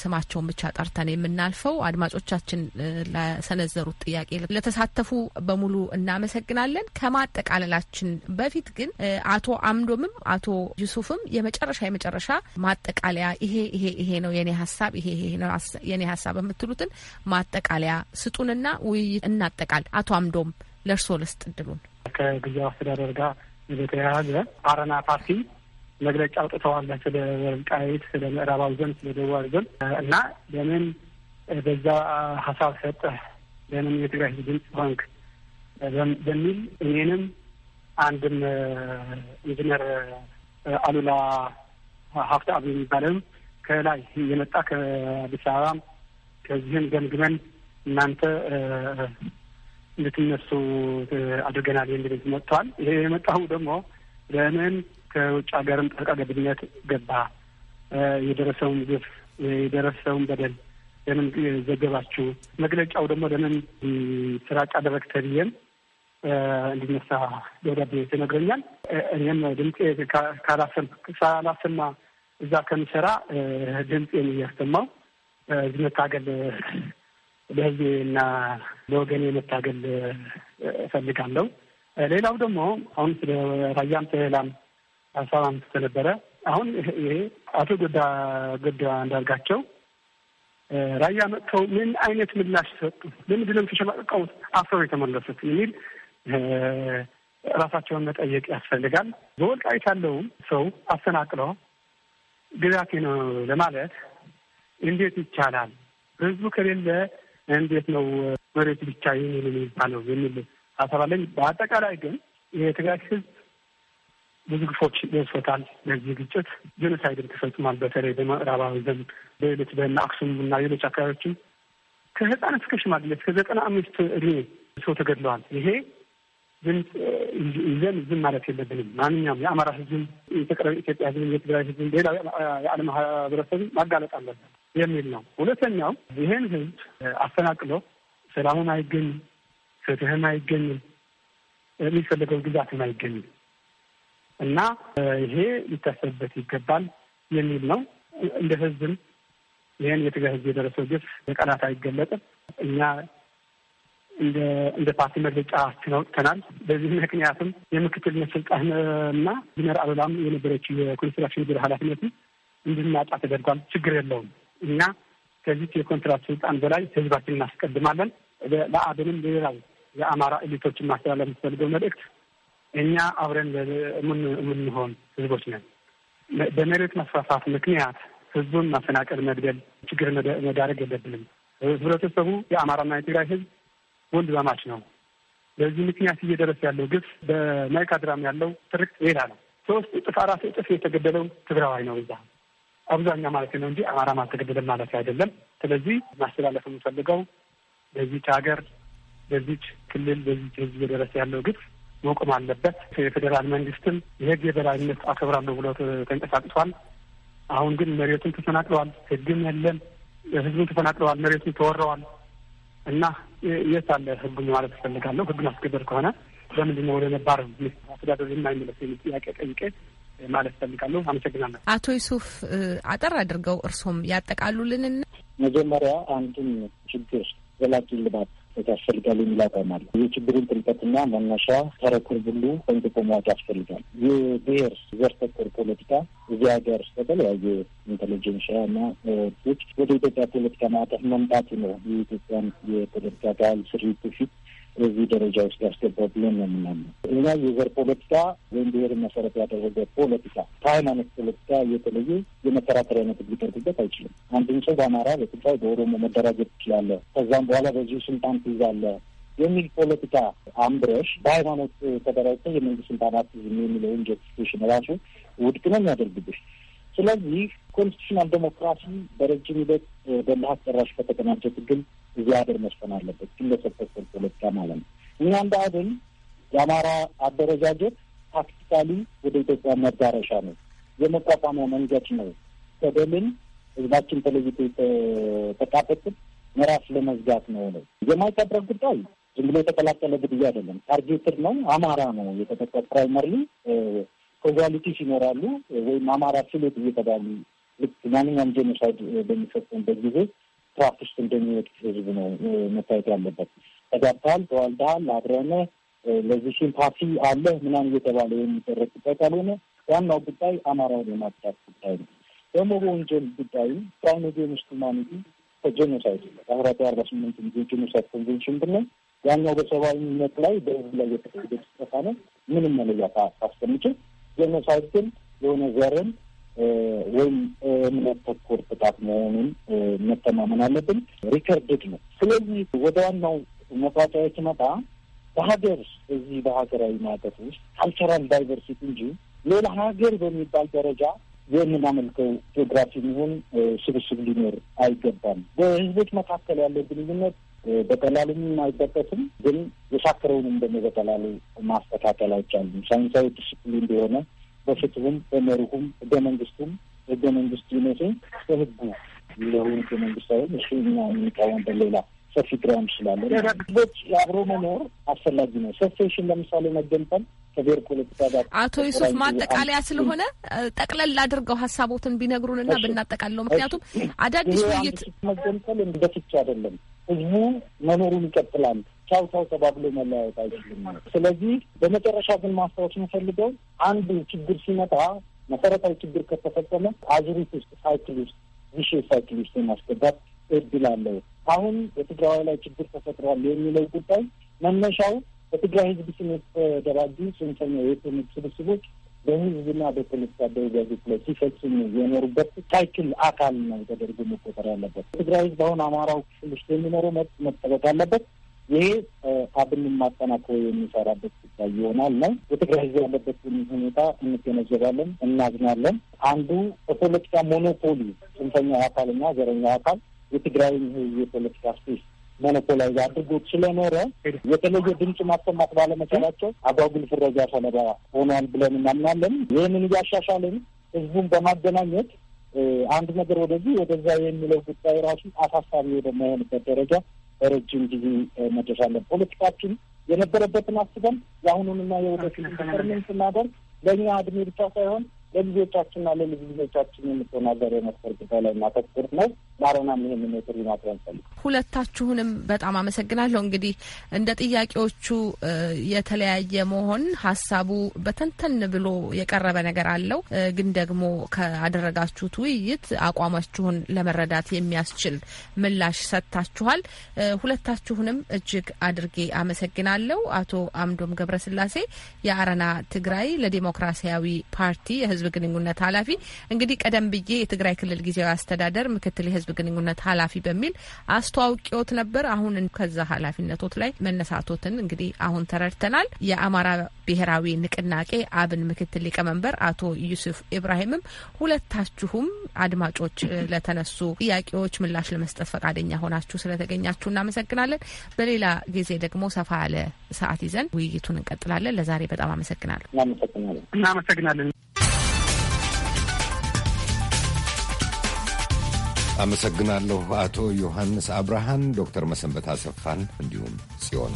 ስማቸውን ብቻ ጠርተን የምናልፈው። አድማጮቻችን ለሰነዘሩት ጥያቄ ለተሳተፉ በሙሉ እናመሰግናለን። ከማጠቃለላችን በፊት ግን አቶ አምዶምም አቶ ዩሱፍም የመጨረሻ የመጨረሻ ማጠቃለያ ይሄ ይሄ ይሄ ነው የኔ ሀሳብ ይሄ ይሄ ነው የኔ ሀሳብ የምትሉትን ማጠቃለያ ስጡንና ውይይት እናጠቃል። አቶ አምዶም ለእርስዎ ልስጥ እድሉን። ከጊዜው አስተዳደር ጋር በተያያዘ አረና ፓርቲ መግለጫ አውጥተዋል። ስለ ወልቃይት፣ ስለ ምዕራባዊ ዞን፣ ስለ ደቡባዊ ዞን እና ለምን በዛ ሀሳብ ሰጠህ፣ ለምን የትግራይ ድምፅ ሆንክ በሚል እኔንም አንድም ኢንጂነር አሉላ አብ የሚባለም ከላይ የመጣ ከአዲስ አበባም ከዚህም ገምግመን እናንተ እንድትነሱ አድርገናል የሚል መጥተዋል። ይሄ የመጣው ደግሞ ለምን ከውጭ ሀገርም ጣልቃ ገብነት ገባ፣ የደረሰውን ግፍ የደረሰውን በደል ለምን ዘገባችሁ፣ መግለጫው ደግሞ ለምን ስራጭ አደረግ ተብዬም እንዲነሳ ደብዳቤ ተነግሮኛል። እኔም ድምፄ ካላሰማ እዛ ከምሰራ ድምፄን እያሰማው እዚህ መታገል ለህዝቤና ለወገኔ መታገል እፈልጋለሁ። ሌላው ደግሞ አሁን ስለ ራያም ሰላም ሀሳብ አንስተ ነበረ። አሁን ይሄ አቶ ጎዳ ጎዳ እንዳርጋቸው ራያ መጥተው ምን አይነት ምላሽ ሰጡ? ለምንድን ነው አፍረው የተመለሱት? የሚል ራሳቸውን መጠየቅ ያስፈልጋል። በወልቃይት ያለውም ሰው አፈናቅሎ ግዛቴ ነው ለማለት እንዴት ይቻላል? ህዝቡ ከሌለ እንዴት ነው መሬት ብቻ ይህንን የሚባለው የሚል ሀሳብ አለኝ። በአጠቃላይ ግን የትግራይ ህዝብ ብዙ ግፎች ደርሶታል። ለዚህ ግጭት ጄኖሳይድም ተፈጽሟል። በተለይ በምዕራባዊ ዘም በሌሎች በና አክሱም እና ሌሎች አካባቢዎችም ከህፃን እስከ ሽማግሌ እስከ ዘጠና አምስት እድሜ ሰው ተገድለዋል። ይሄ ግን ይዘን ዝም ማለት የለብንም። ማንኛውም የአማራ ህዝብም፣ ኢትዮጵያ ህዝብም፣ የትግራይ ህዝብም፣ ሌላ የዓለም ማህበረሰብም ማጋለጥ አለብን የሚል ነው። ሁለተኛው ይህን ህዝብ አፈናቅሎ ሰላሙም አይገኝም፣ ፍትህም አይገኝም፣ የሚፈለገው ግዛትም አይገኝም እና ይሄ ሊታሰብበት ይገባል የሚል ነው። እንደ ህዝብም ይህን የትግራይ ህዝብ የደረሰው ግፍ በቃላት አይገለጥም። እኛ እንደ ፓርቲ መግለጫ አወጥተናል። በዚህ ምክንያትም የምክትልነት ስልጣንና ቢነር አሉላም የነበረች የኮንስትራክሽን ቢሮ ኃላፊነት እንድናጣ ተደርጓል። ችግር የለውም እኛ ከዚህ የኮንትራት ስልጣን በላይ ህዝባችን እናስቀድማለን። ለአብንም ሌላው የአማራ ኤሊቶችን ማስተላለፍ የምትፈልገው መልእክት እኛ አብረን የምንሆን ህዝቦች ነን። በመሬት መስፋፋት ምክንያት ህዝቡን ማፈናቀል፣ መግደል፣ ችግር መዳረግ የለብንም። ህብረተሰቡ የአማራና የትግራይ ህዝብ ወንድ ወንድማማች ነው። በዚህ ምክንያት እየደረሰ ያለው ግፍ በማይካድራም ያለው ትርቅ ሌላ ነው። ሶስት እጥፍ አራት እጥፍ የተገደለው ትግራዋይ ነው። እዛ አብዛኛው ማለት ነው እንጂ አማራም አልተገደለም ማለት አይደለም። ስለዚህ ማስተላለፍ የምፈልገው በዚች ሀገር፣ በዚች ክልል፣ በዚች ህዝብ እየደረሰ ያለው ግፍ መቆም አለበት። የፌዴራል መንግስትም የህግ የበላይነት አከብራለሁ ብሎ ተንቀሳቅሷል። አሁን ግን መሬቱን ተፈናቅለዋል። ህግም የለም። ህዝቡን ተፈናቅለዋል። መሬቱን ተወረዋል። እና የት አለ ህጉን ማለት እፈልጋለሁ። ህጉን አስገበር ከሆነ በምንድን ነው ወደ ነባር አስተዳደር የማይመለስ የሚል ጥያቄ ጠይቄ ማለት እፈልጋለሁ። አመሰግናለሁ። አቶ ይሱፍ አጠር አድርገው እርሶም ያጠቃሉልንና መጀመሪያ አንድን ችግር ዘላቂ ልባት ያስፈልጋል የሚል አቋም አለ። የችግሩን ጥልቀትና መነሻ ተረኩር ሁሉ ጠንቅቆ ማወቅ ያስፈልጋል። የብሔር ዘር ተኮር ፖለቲካ እዚህ ሀገር በተለያየ ኢንቴሊጀንሽያ እና ዎች ወደ ኢትዮጵያ ፖለቲካ ማዕቀፍ መምጣቱ ነው የኢትዮጵያን የፖለቲካ ባህል ስሪት ፊት በዚህ ደረጃ ውስጥ ያስገባ ብለን ነው የምናምነው። እኛ የዘር ፖለቲካ ወይም ብሔርን መሰረት ያደረገ ፖለቲካ ከሃይማኖት ፖለቲካ የተለየ የመከራከሪያ አይነት ሊቀርብበት አይችልም። አንድን ሰው በአማራ፣ በትግራይ፣ በኦሮሞ መደራጀት ትችላለህ፣ ከዛም በኋላ በዚሁ ስልጣን ትይዛለህ የሚል ፖለቲካ አምብረሽ በሃይማኖት ተደራጅተ የመንግስት ስልጣን አትይዝም የሚለውን ጀስቲፊኬሽን ራሱ ውድቅ ነው የሚያደርግብሽ። ስለዚህ ኮንስቲቱሽናል ዴሞክራሲ በረጅም ሂደት በልህ አስጨራሽ ከተቀናጀ ትግል እዚህ ሀገር መስፈን አለበት፣ ግለሰብ ተኮር ፖለቲካ ማለት ነው። እኛ እንደ አድን የአማራ አደረጃጀት ታክቲካሊ ወደ ኢትዮጵያ መዳረሻ ነው፣ የመቋቋሚያ መንገድ ነው። በደልን ህዝባችን ተለይቶ ተቃጠትን ምዕራፍ ለመዝጋት ነው ነው የማይታደረግ ጉዳይ ዝም ብሎ የተቀላቀለ ግድያ አይደለም። ታርጌትድ ነው። አማራ ነው የተጠቀ ፕራይመርሊ ኮዛሊቲስ ይኖራሉ ወይም አማራ ስሌት እየተባሉ ልክ ማንኛውም ጄኖሳይድ በሚፈጽምበት ጊዜ ትራፕ ውስጥ እንደሚወድቅ ህዝብ ነው መታየት ያለበት። ተጋብተሃል፣ ተዋልደሃል፣ አብረነ ለዚህ ፓርቲ አለ ምናምን እየተባለ የሚደረግ ጉዳይ ካልሆነ ዋናው ጉዳይ አማራውን የማጥቃት ጉዳይ ነው። ደግሞ በወንጀል ጉዳዩ ፕራይኖጌ ሙስልማኒቲ ከጄኖሳይድ አስራቶ አርባ ስምንት ጊዜ ጀኖሳይድ ኮንቬንሽን ብለን ያኛው በሰብአዊነት ላይ በህዝብ ላይ የተካሄደ ጭፍጨፋ ነው። ምንም መለያ አስቀምጭም። ጀኖሳይድ ግን የሆነ ዘርን ወይም እምነት ተኮር ጥቃት መሆኑን መተማመን አለብን። ሪከርድድ ነው። ስለዚህ ወደ ዋናው መቋጫዬ ስመጣ በሀገር እዚህ በሀገራዊ ማዕቀፍ ውስጥ ካልቸራል ዳይቨርሲቲ እንጂ ሌላ ሀገር በሚባል ደረጃ የምናመልከው ጂኦግራፊ የሚሆን ስብስብ ሊኖር አይገባም። በህዝቦች መካከል ያለው ግንኙነት በቀላሉም አይጠቀስም፣ ግን የሻከረውንም ደግሞ በቀላሉ ማስተካከል አይቻልም። ሳይንሳዊ ዲስፕሊን እንደሆነ በፍትሁም በመርሁም ህገ መንግስቱም ህገ መንግስትነቱ በህጉ ለሆኑ ህገ መንግስት አሁን እሱ እኛ የሚቃወም በሌላ ሰፊ ግራም ስላለ ህዝቦች አብሮ መኖር አስፈላጊ ነው። ሰፌሽን ለምሳሌ መገንጠል ከብሔር ፖለቲካ ጋር አቶ ዩሱፍ ማጠቃለያ ስለሆነ ጠቅለል አድርገው ሀሳቦትን ቢነግሩንና ብናጠቃለው ምክንያቱም አዳዲስ ውይይት መገንጠል እንደፍቻ አይደለም። ህዝቡ መኖሩን ይቀጥላል። ቻው ቻው ተባብሎ መለያየት አይችልም ስለዚህ በመጨረሻ ግን ማስታወስ የምፈልገው አንዱ ችግር ሲመጣ መሰረታዊ ችግር ከተፈጸመ አዙሪት ውስጥ ሳይክል ውስጥ ቪሽ ሳይክል ውስጥ የማስገባት እድል አለው። አሁን በትግራዊ ላይ ችግር ተፈጥሯል የሚለው ጉዳይ መነሻው በትግራይ ህዝብ ስም የተደራጁ ጽንፈኛ የኢኮኖሚክ ስብስቦች በህዝብና በፖለቲካ አደረጃጀት ላይ ሲፈጽሙ የኖሩበት ሳይክል አካል ነው ተደርጎ መቆጠር ያለበት። ትግራይ ህዝብ አሁን አማራው ክፍል ውስጥ የሚኖረው መጠበቅ አለበት። ይሄ አብንን ማጠናክሮ የሚሰራበት ጉዳይ ይሆናል ነው። የትግራይ ህዝብ ያለበትን ሁኔታ እንገነዘባለን፣ እናዝናለን። አንዱ በፖለቲካ ሞኖፖሊ አካል አካልና ዘረኛ አካል የትግራይን ህዝብ የፖለቲካ ስፔስ ሞኖፖላይዝ አድርጎት ስለኖረ የተለየ ድምፅ ማሰማት ባለመቻላቸው አጓጉል ፍረጃ ሰለባ ሆኗል ብለን እናምናለን። ይህንን እያሻሻልን ህዝቡን በማገናኘት አንድ ነገር ወደዚህ ወደዛ የሚለው ጉዳይ ራሱ አሳሳቢ ወደማይሆንበት ደረጃ ረጅም ጊዜ መድረሻ አለን። ፖለቲካችን የነበረበትን አስበን የአሁኑንና የወደፊት ስናደርግ ለእኛ እድሜ ብቻ ሳይሆን ለልጆቻችንና ለልጅ ልጆቻችን የምትሆን ነገር የመፍጠር ጉዳይ ላይ ማተኩር ነው። ባረናም ይህንን ሜትር ማቅረብ ሁለታችሁንም በጣም አመሰግናለሁ። እንግዲህ እንደ ጥያቄዎቹ የተለያየ መሆን ሀሳቡ በተንተን ብሎ የቀረበ ነገር አለው፣ ግን ደግሞ ከአደረጋችሁት ውይይት አቋማችሁን ለመረዳት የሚያስችል ምላሽ ሰጥታችኋል። ሁለታችሁንም እጅግ አድርጌ አመሰግናለሁ። አቶ አምዶም ገብረስላሴ የአረና ትግራይ ለዲሞክራሲያዊ ፓርቲ የህዝብ የህዝብ ግንኙነት ኃላፊ እንግዲህ ቀደም ብዬ የትግራይ ክልል ጊዜያዊ አስተዳደር ምክትል የህዝብ ግንኙነት ኃላፊ በሚል አስተዋውቂዎት ነበር። አሁን ከዛ ኃላፊነቶት ላይ መነሳቶትን እንግዲህ አሁን ተረድተናል። የአማራ ብሔራዊ ንቅናቄ አብን ምክትል ሊቀመንበር አቶ ዩሱፍ ኢብራሂምም ሁለታችሁም አድማጮች ለተነሱ ጥያቄዎች ምላሽ ለመስጠት ፈቃደኛ ሆናችሁ ስለተገኛችሁ እናመሰግናለን። በሌላ ጊዜ ደግሞ ሰፋ ያለ ሰዓት ይዘን ውይይቱን እንቀጥላለን። ለዛሬ በጣም አመሰግናለሁ። እናመሰግናለን። አመሰግናለሁ አቶ ዮሐንስ አብርሃን፣ ዶክተር መሰንበት አሰፋን እንዲሁም ጽዮን።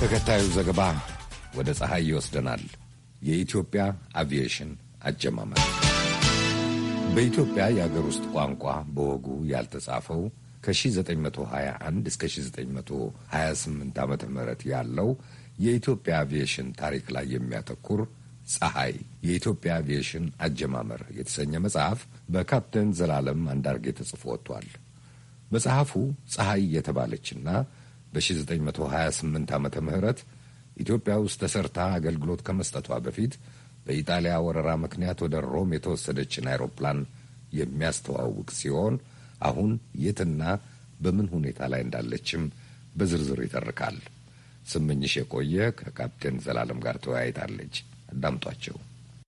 ተከታዩ ዘገባ ወደ ፀሐይ ይወስደናል። የኢትዮጵያ አቪዬሽን አጀማመር። በኢትዮጵያ የአገር ውስጥ ቋንቋ በወጉ ያልተጻፈው ከ1921 እስከ 1928 ዓ ም ያለው የኢትዮጵያ አቪዬሽን ታሪክ ላይ የሚያተኩር ፀሐይ የኢትዮጵያ አቪዬሽን አጀማመር የተሰኘ መጽሐፍ በካፕቴን ዘላለም አንዳርጌ ተጽፎ ወጥቷል። መጽሐፉ ፀሐይ የተባለችና በ1928 ዓመተ ምህረት ኢትዮጵያ ውስጥ ተሰርታ አገልግሎት ከመስጠቷ በፊት በኢጣሊያ ወረራ ምክንያት ወደ ሮም የተወሰደችን አይሮፕላን የሚያስተዋውቅ ሲሆን አሁን የትና በምን ሁኔታ ላይ እንዳለችም በዝርዝር ይተርካል። ስምኝሽ የቆየ ከካፕቴን ዘላለም ጋር ተወያይታለች። አዳምጧቸው።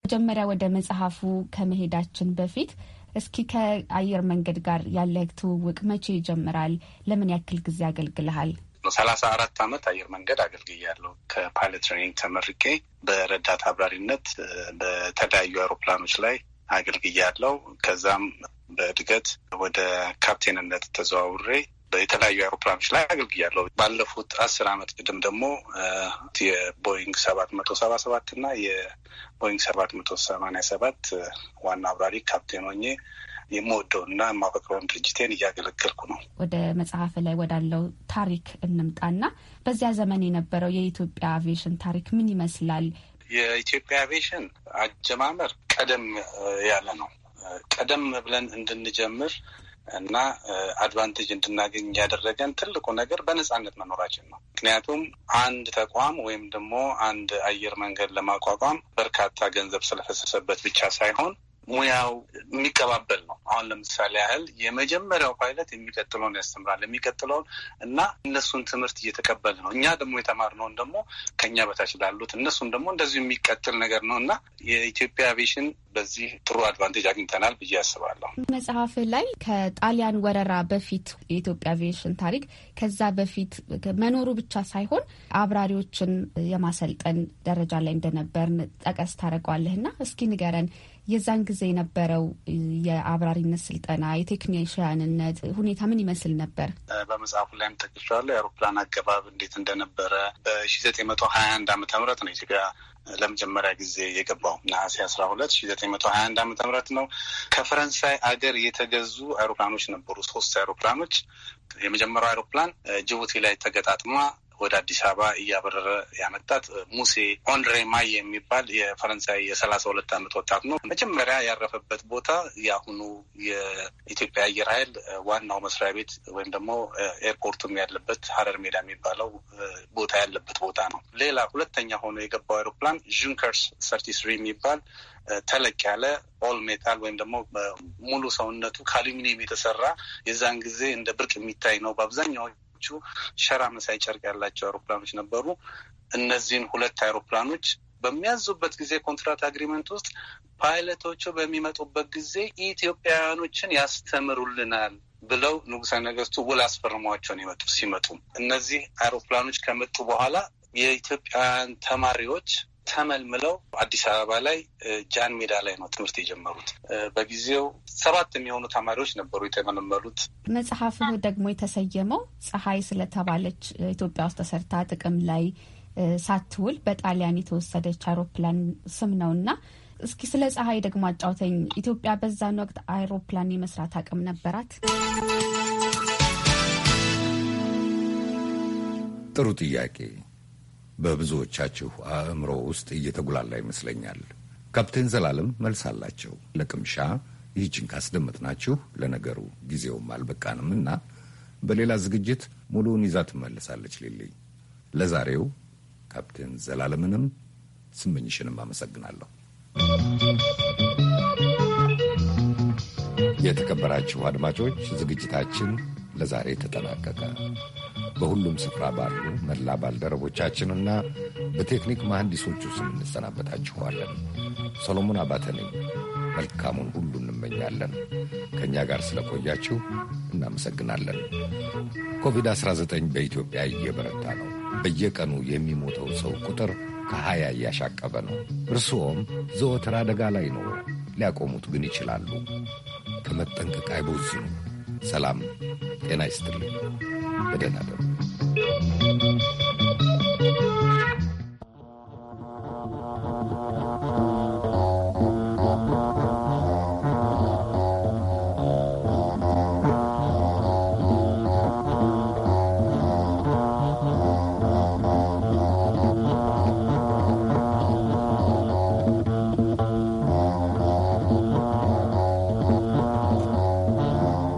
መጀመሪያ ወደ መጽሐፉ ከመሄዳችን በፊት እስኪ ከአየር መንገድ ጋር ያለ ትውውቅ መቼ ይጀምራል? ለምን ያክል ጊዜ አገልግልሃል? ሰላሳ አራት አመት አየር መንገድ አገልግያለሁ። ከፓይለት ትሬኒንግ ተመርቄ በረዳት አብራሪነት በተለያዩ አውሮፕላኖች ላይ አገልግያለሁ። ከዛም በእድገት ወደ ካፕቴንነት ተዘዋውሬ የተለያዩ አይሮፕላኖች ላይ አገልግያለሁ። ባለፉት አስር አመት ቅድም ደግሞ የቦይንግ ሰባት መቶ ሰባ ሰባት እና የቦይንግ ሰባት መቶ ሰማኒያ ሰባት ዋና አብራሪ ካፕቴን ሆኜ የምወደውና የማፈቅረውን ድርጅቴን እያገለገልኩ ነው። ወደ መጽሐፍ ላይ ወዳለው ታሪክ እንምጣና በዚያ ዘመን የነበረው የኢትዮጵያ አቪዬሽን ታሪክ ምን ይመስላል? የኢትዮጵያ አቪዬሽን አጀማመር ቀደም ያለ ነው። ቀደም ብለን እንድንጀምር እና አድቫንቴጅ እንድናገኝ ያደረገን ትልቁ ነገር በነጻነት መኖራችን ነው። ምክንያቱም አንድ ተቋም ወይም ደግሞ አንድ አየር መንገድ ለማቋቋም በርካታ ገንዘብ ስለፈሰሰበት ብቻ ሳይሆን ሙያው የሚቀባበል ነው። አሁን ለምሳሌ ያህል የመጀመሪያው ፓይለት የሚቀጥለውን ያስተምራል የሚቀጥለውን እና እነሱን ትምህርት እየተቀበል ነው። እኛ ደግሞ የተማርነውን ደግሞ ከኛ በታች ላሉት እነሱን ደግሞ እንደዚሁ የሚቀጥል ነገር ነው እና የኢትዮጵያ አቪሽን በዚህ ጥሩ አድቫንቴጅ አግኝተናል ብዬ አስባለሁ። መጽሐፍ ላይ ከጣሊያን ወረራ በፊት የኢትዮጵያ አቪሽን ታሪክ ከዛ በፊት መኖሩ ብቻ ሳይሆን አብራሪዎችን የማሰልጠን ደረጃ ላይ እንደነበር ጠቀስ ታደርገዋለህና እስኪ ንገረን የዛን ጊዜ የነበረው የአብራሪነት ስልጠና የቴክኒሽያንነት ሁኔታ ምን ይመስል ነበር? በመጽሐፉ ላይም ጠቅሻለሁ። የአውሮፕላን አገባብ እንዴት እንደነበረ በሺ ዘጠኝ መቶ ሀያ አንድ ዓመተ ምህረት ነው ኢትዮጵያ ለመጀመሪያ ጊዜ የገባው ነሐሴ አስራ ሁለት ሺ ዘጠኝ መቶ ሀያ አንድ ዓመተ ምህረት ነው። ከፈረንሳይ አገር የተገዙ አይሮፕላኖች ነበሩ፣ ሶስት አይሮፕላኖች። የመጀመሪያው አይሮፕላን ጅቡቲ ላይ ተገጣጥማ ወደ አዲስ አበባ እያበረረ ያመጣት ሙሴ ኦንድሬ ማይ የሚባል የፈረንሳይ የሰላሳ ሁለት ዓመት ወጣት ነው። መጀመሪያ ያረፈበት ቦታ የአሁኑ የኢትዮጵያ አየር ኃይል ዋናው መስሪያ ቤት ወይም ደግሞ ኤርፖርቱም ያለበት ሀረር ሜዳ የሚባለው ቦታ ያለበት ቦታ ነው። ሌላ ሁለተኛ ሆኖ የገባው አውሮፕላን ዥንከርስ ሰርቲ ስሪ የሚባል ተለቅ ያለ ኦል ሜታል ወይም ደግሞ ሙሉ ሰውነቱ ከአሉሚኒየም የተሰራ የዛን ጊዜ እንደ ብርቅ የሚታይ ነው በአብዛኛው አብዛኞቹ ሸራ መሳይ ጨርቅ ያላቸው አውሮፕላኖች ነበሩ። እነዚህን ሁለት አውሮፕላኖች በሚያዙበት ጊዜ ኮንትራት አግሪመንት ውስጥ ፓይለቶቹ በሚመጡበት ጊዜ ኢትዮጵያውያኖችን ያስተምሩልናል ብለው ንጉሰ ነገስቱ ውል አስፈርሟቸውን ይመጡ ሲመጡ እነዚህ አውሮፕላኖች ከመጡ በኋላ የኢትዮጵያውያን ተማሪዎች ተመልምለው አዲስ አበባ ላይ ጃን ሜዳ ላይ ነው ትምህርት የጀመሩት። በጊዜው ሰባት የሚሆኑ ተማሪዎች ነበሩ የተመለመሉት። መጽሐፍህ ደግሞ የተሰየመው ፀሐይ ስለተባለች ኢትዮጵያ ውስጥ ተሰርታ ጥቅም ላይ ሳትውል በጣሊያን የተወሰደች አውሮፕላን ስም ነው እና እስኪ ስለ ፀሐይ ደግሞ አጫውተኝ። ኢትዮጵያ በዛን ወቅት አውሮፕላን የመስራት አቅም ነበራት? ጥሩ ጥያቄ። በብዙዎቻችሁ አእምሮ ውስጥ እየተጉላላ ይመስለኛል። ካፕቴን ዘላለም መልስ አላቸው። ለቅምሻ ይህችን ካስደመጥናችሁ ለነገሩ ጊዜውም አልበቃንም እና በሌላ ዝግጅት ሙሉውን ይዛ ትመለሳለች ሊልኝ ለዛሬው ካፕቴን ዘላለምንም ስምኝሽንም አመሰግናለሁ። የተከበራችሁ አድማጮች ዝግጅታችን ለዛሬ ተጠናቀቀ። በሁሉም ስፍራ ባሉ መላ ባልደረቦቻችንና በቴክኒክ መሐንዲሶቹ ስም እንሰናበታችኋለን። ሰሎሞን አባተ ነኝ። መልካሙን ሁሉ እንመኛለን። ከእኛ ጋር ስለቆያችሁ እናመሰግናለን። ኮቪድ-19 በኢትዮጵያ እየበረታ ነው። በየቀኑ የሚሞተው ሰው ቁጥር ከሀያ እያሻቀበ ነው። እርስዎም ዘወትር አደጋ ላይ ነው። ሊያቆሙት ግን ይችላሉ። ከመጠንቀቅ አይቦዝኑ። ሰላም ጤና ይስጥልኝ። በደህና ደሩ። Música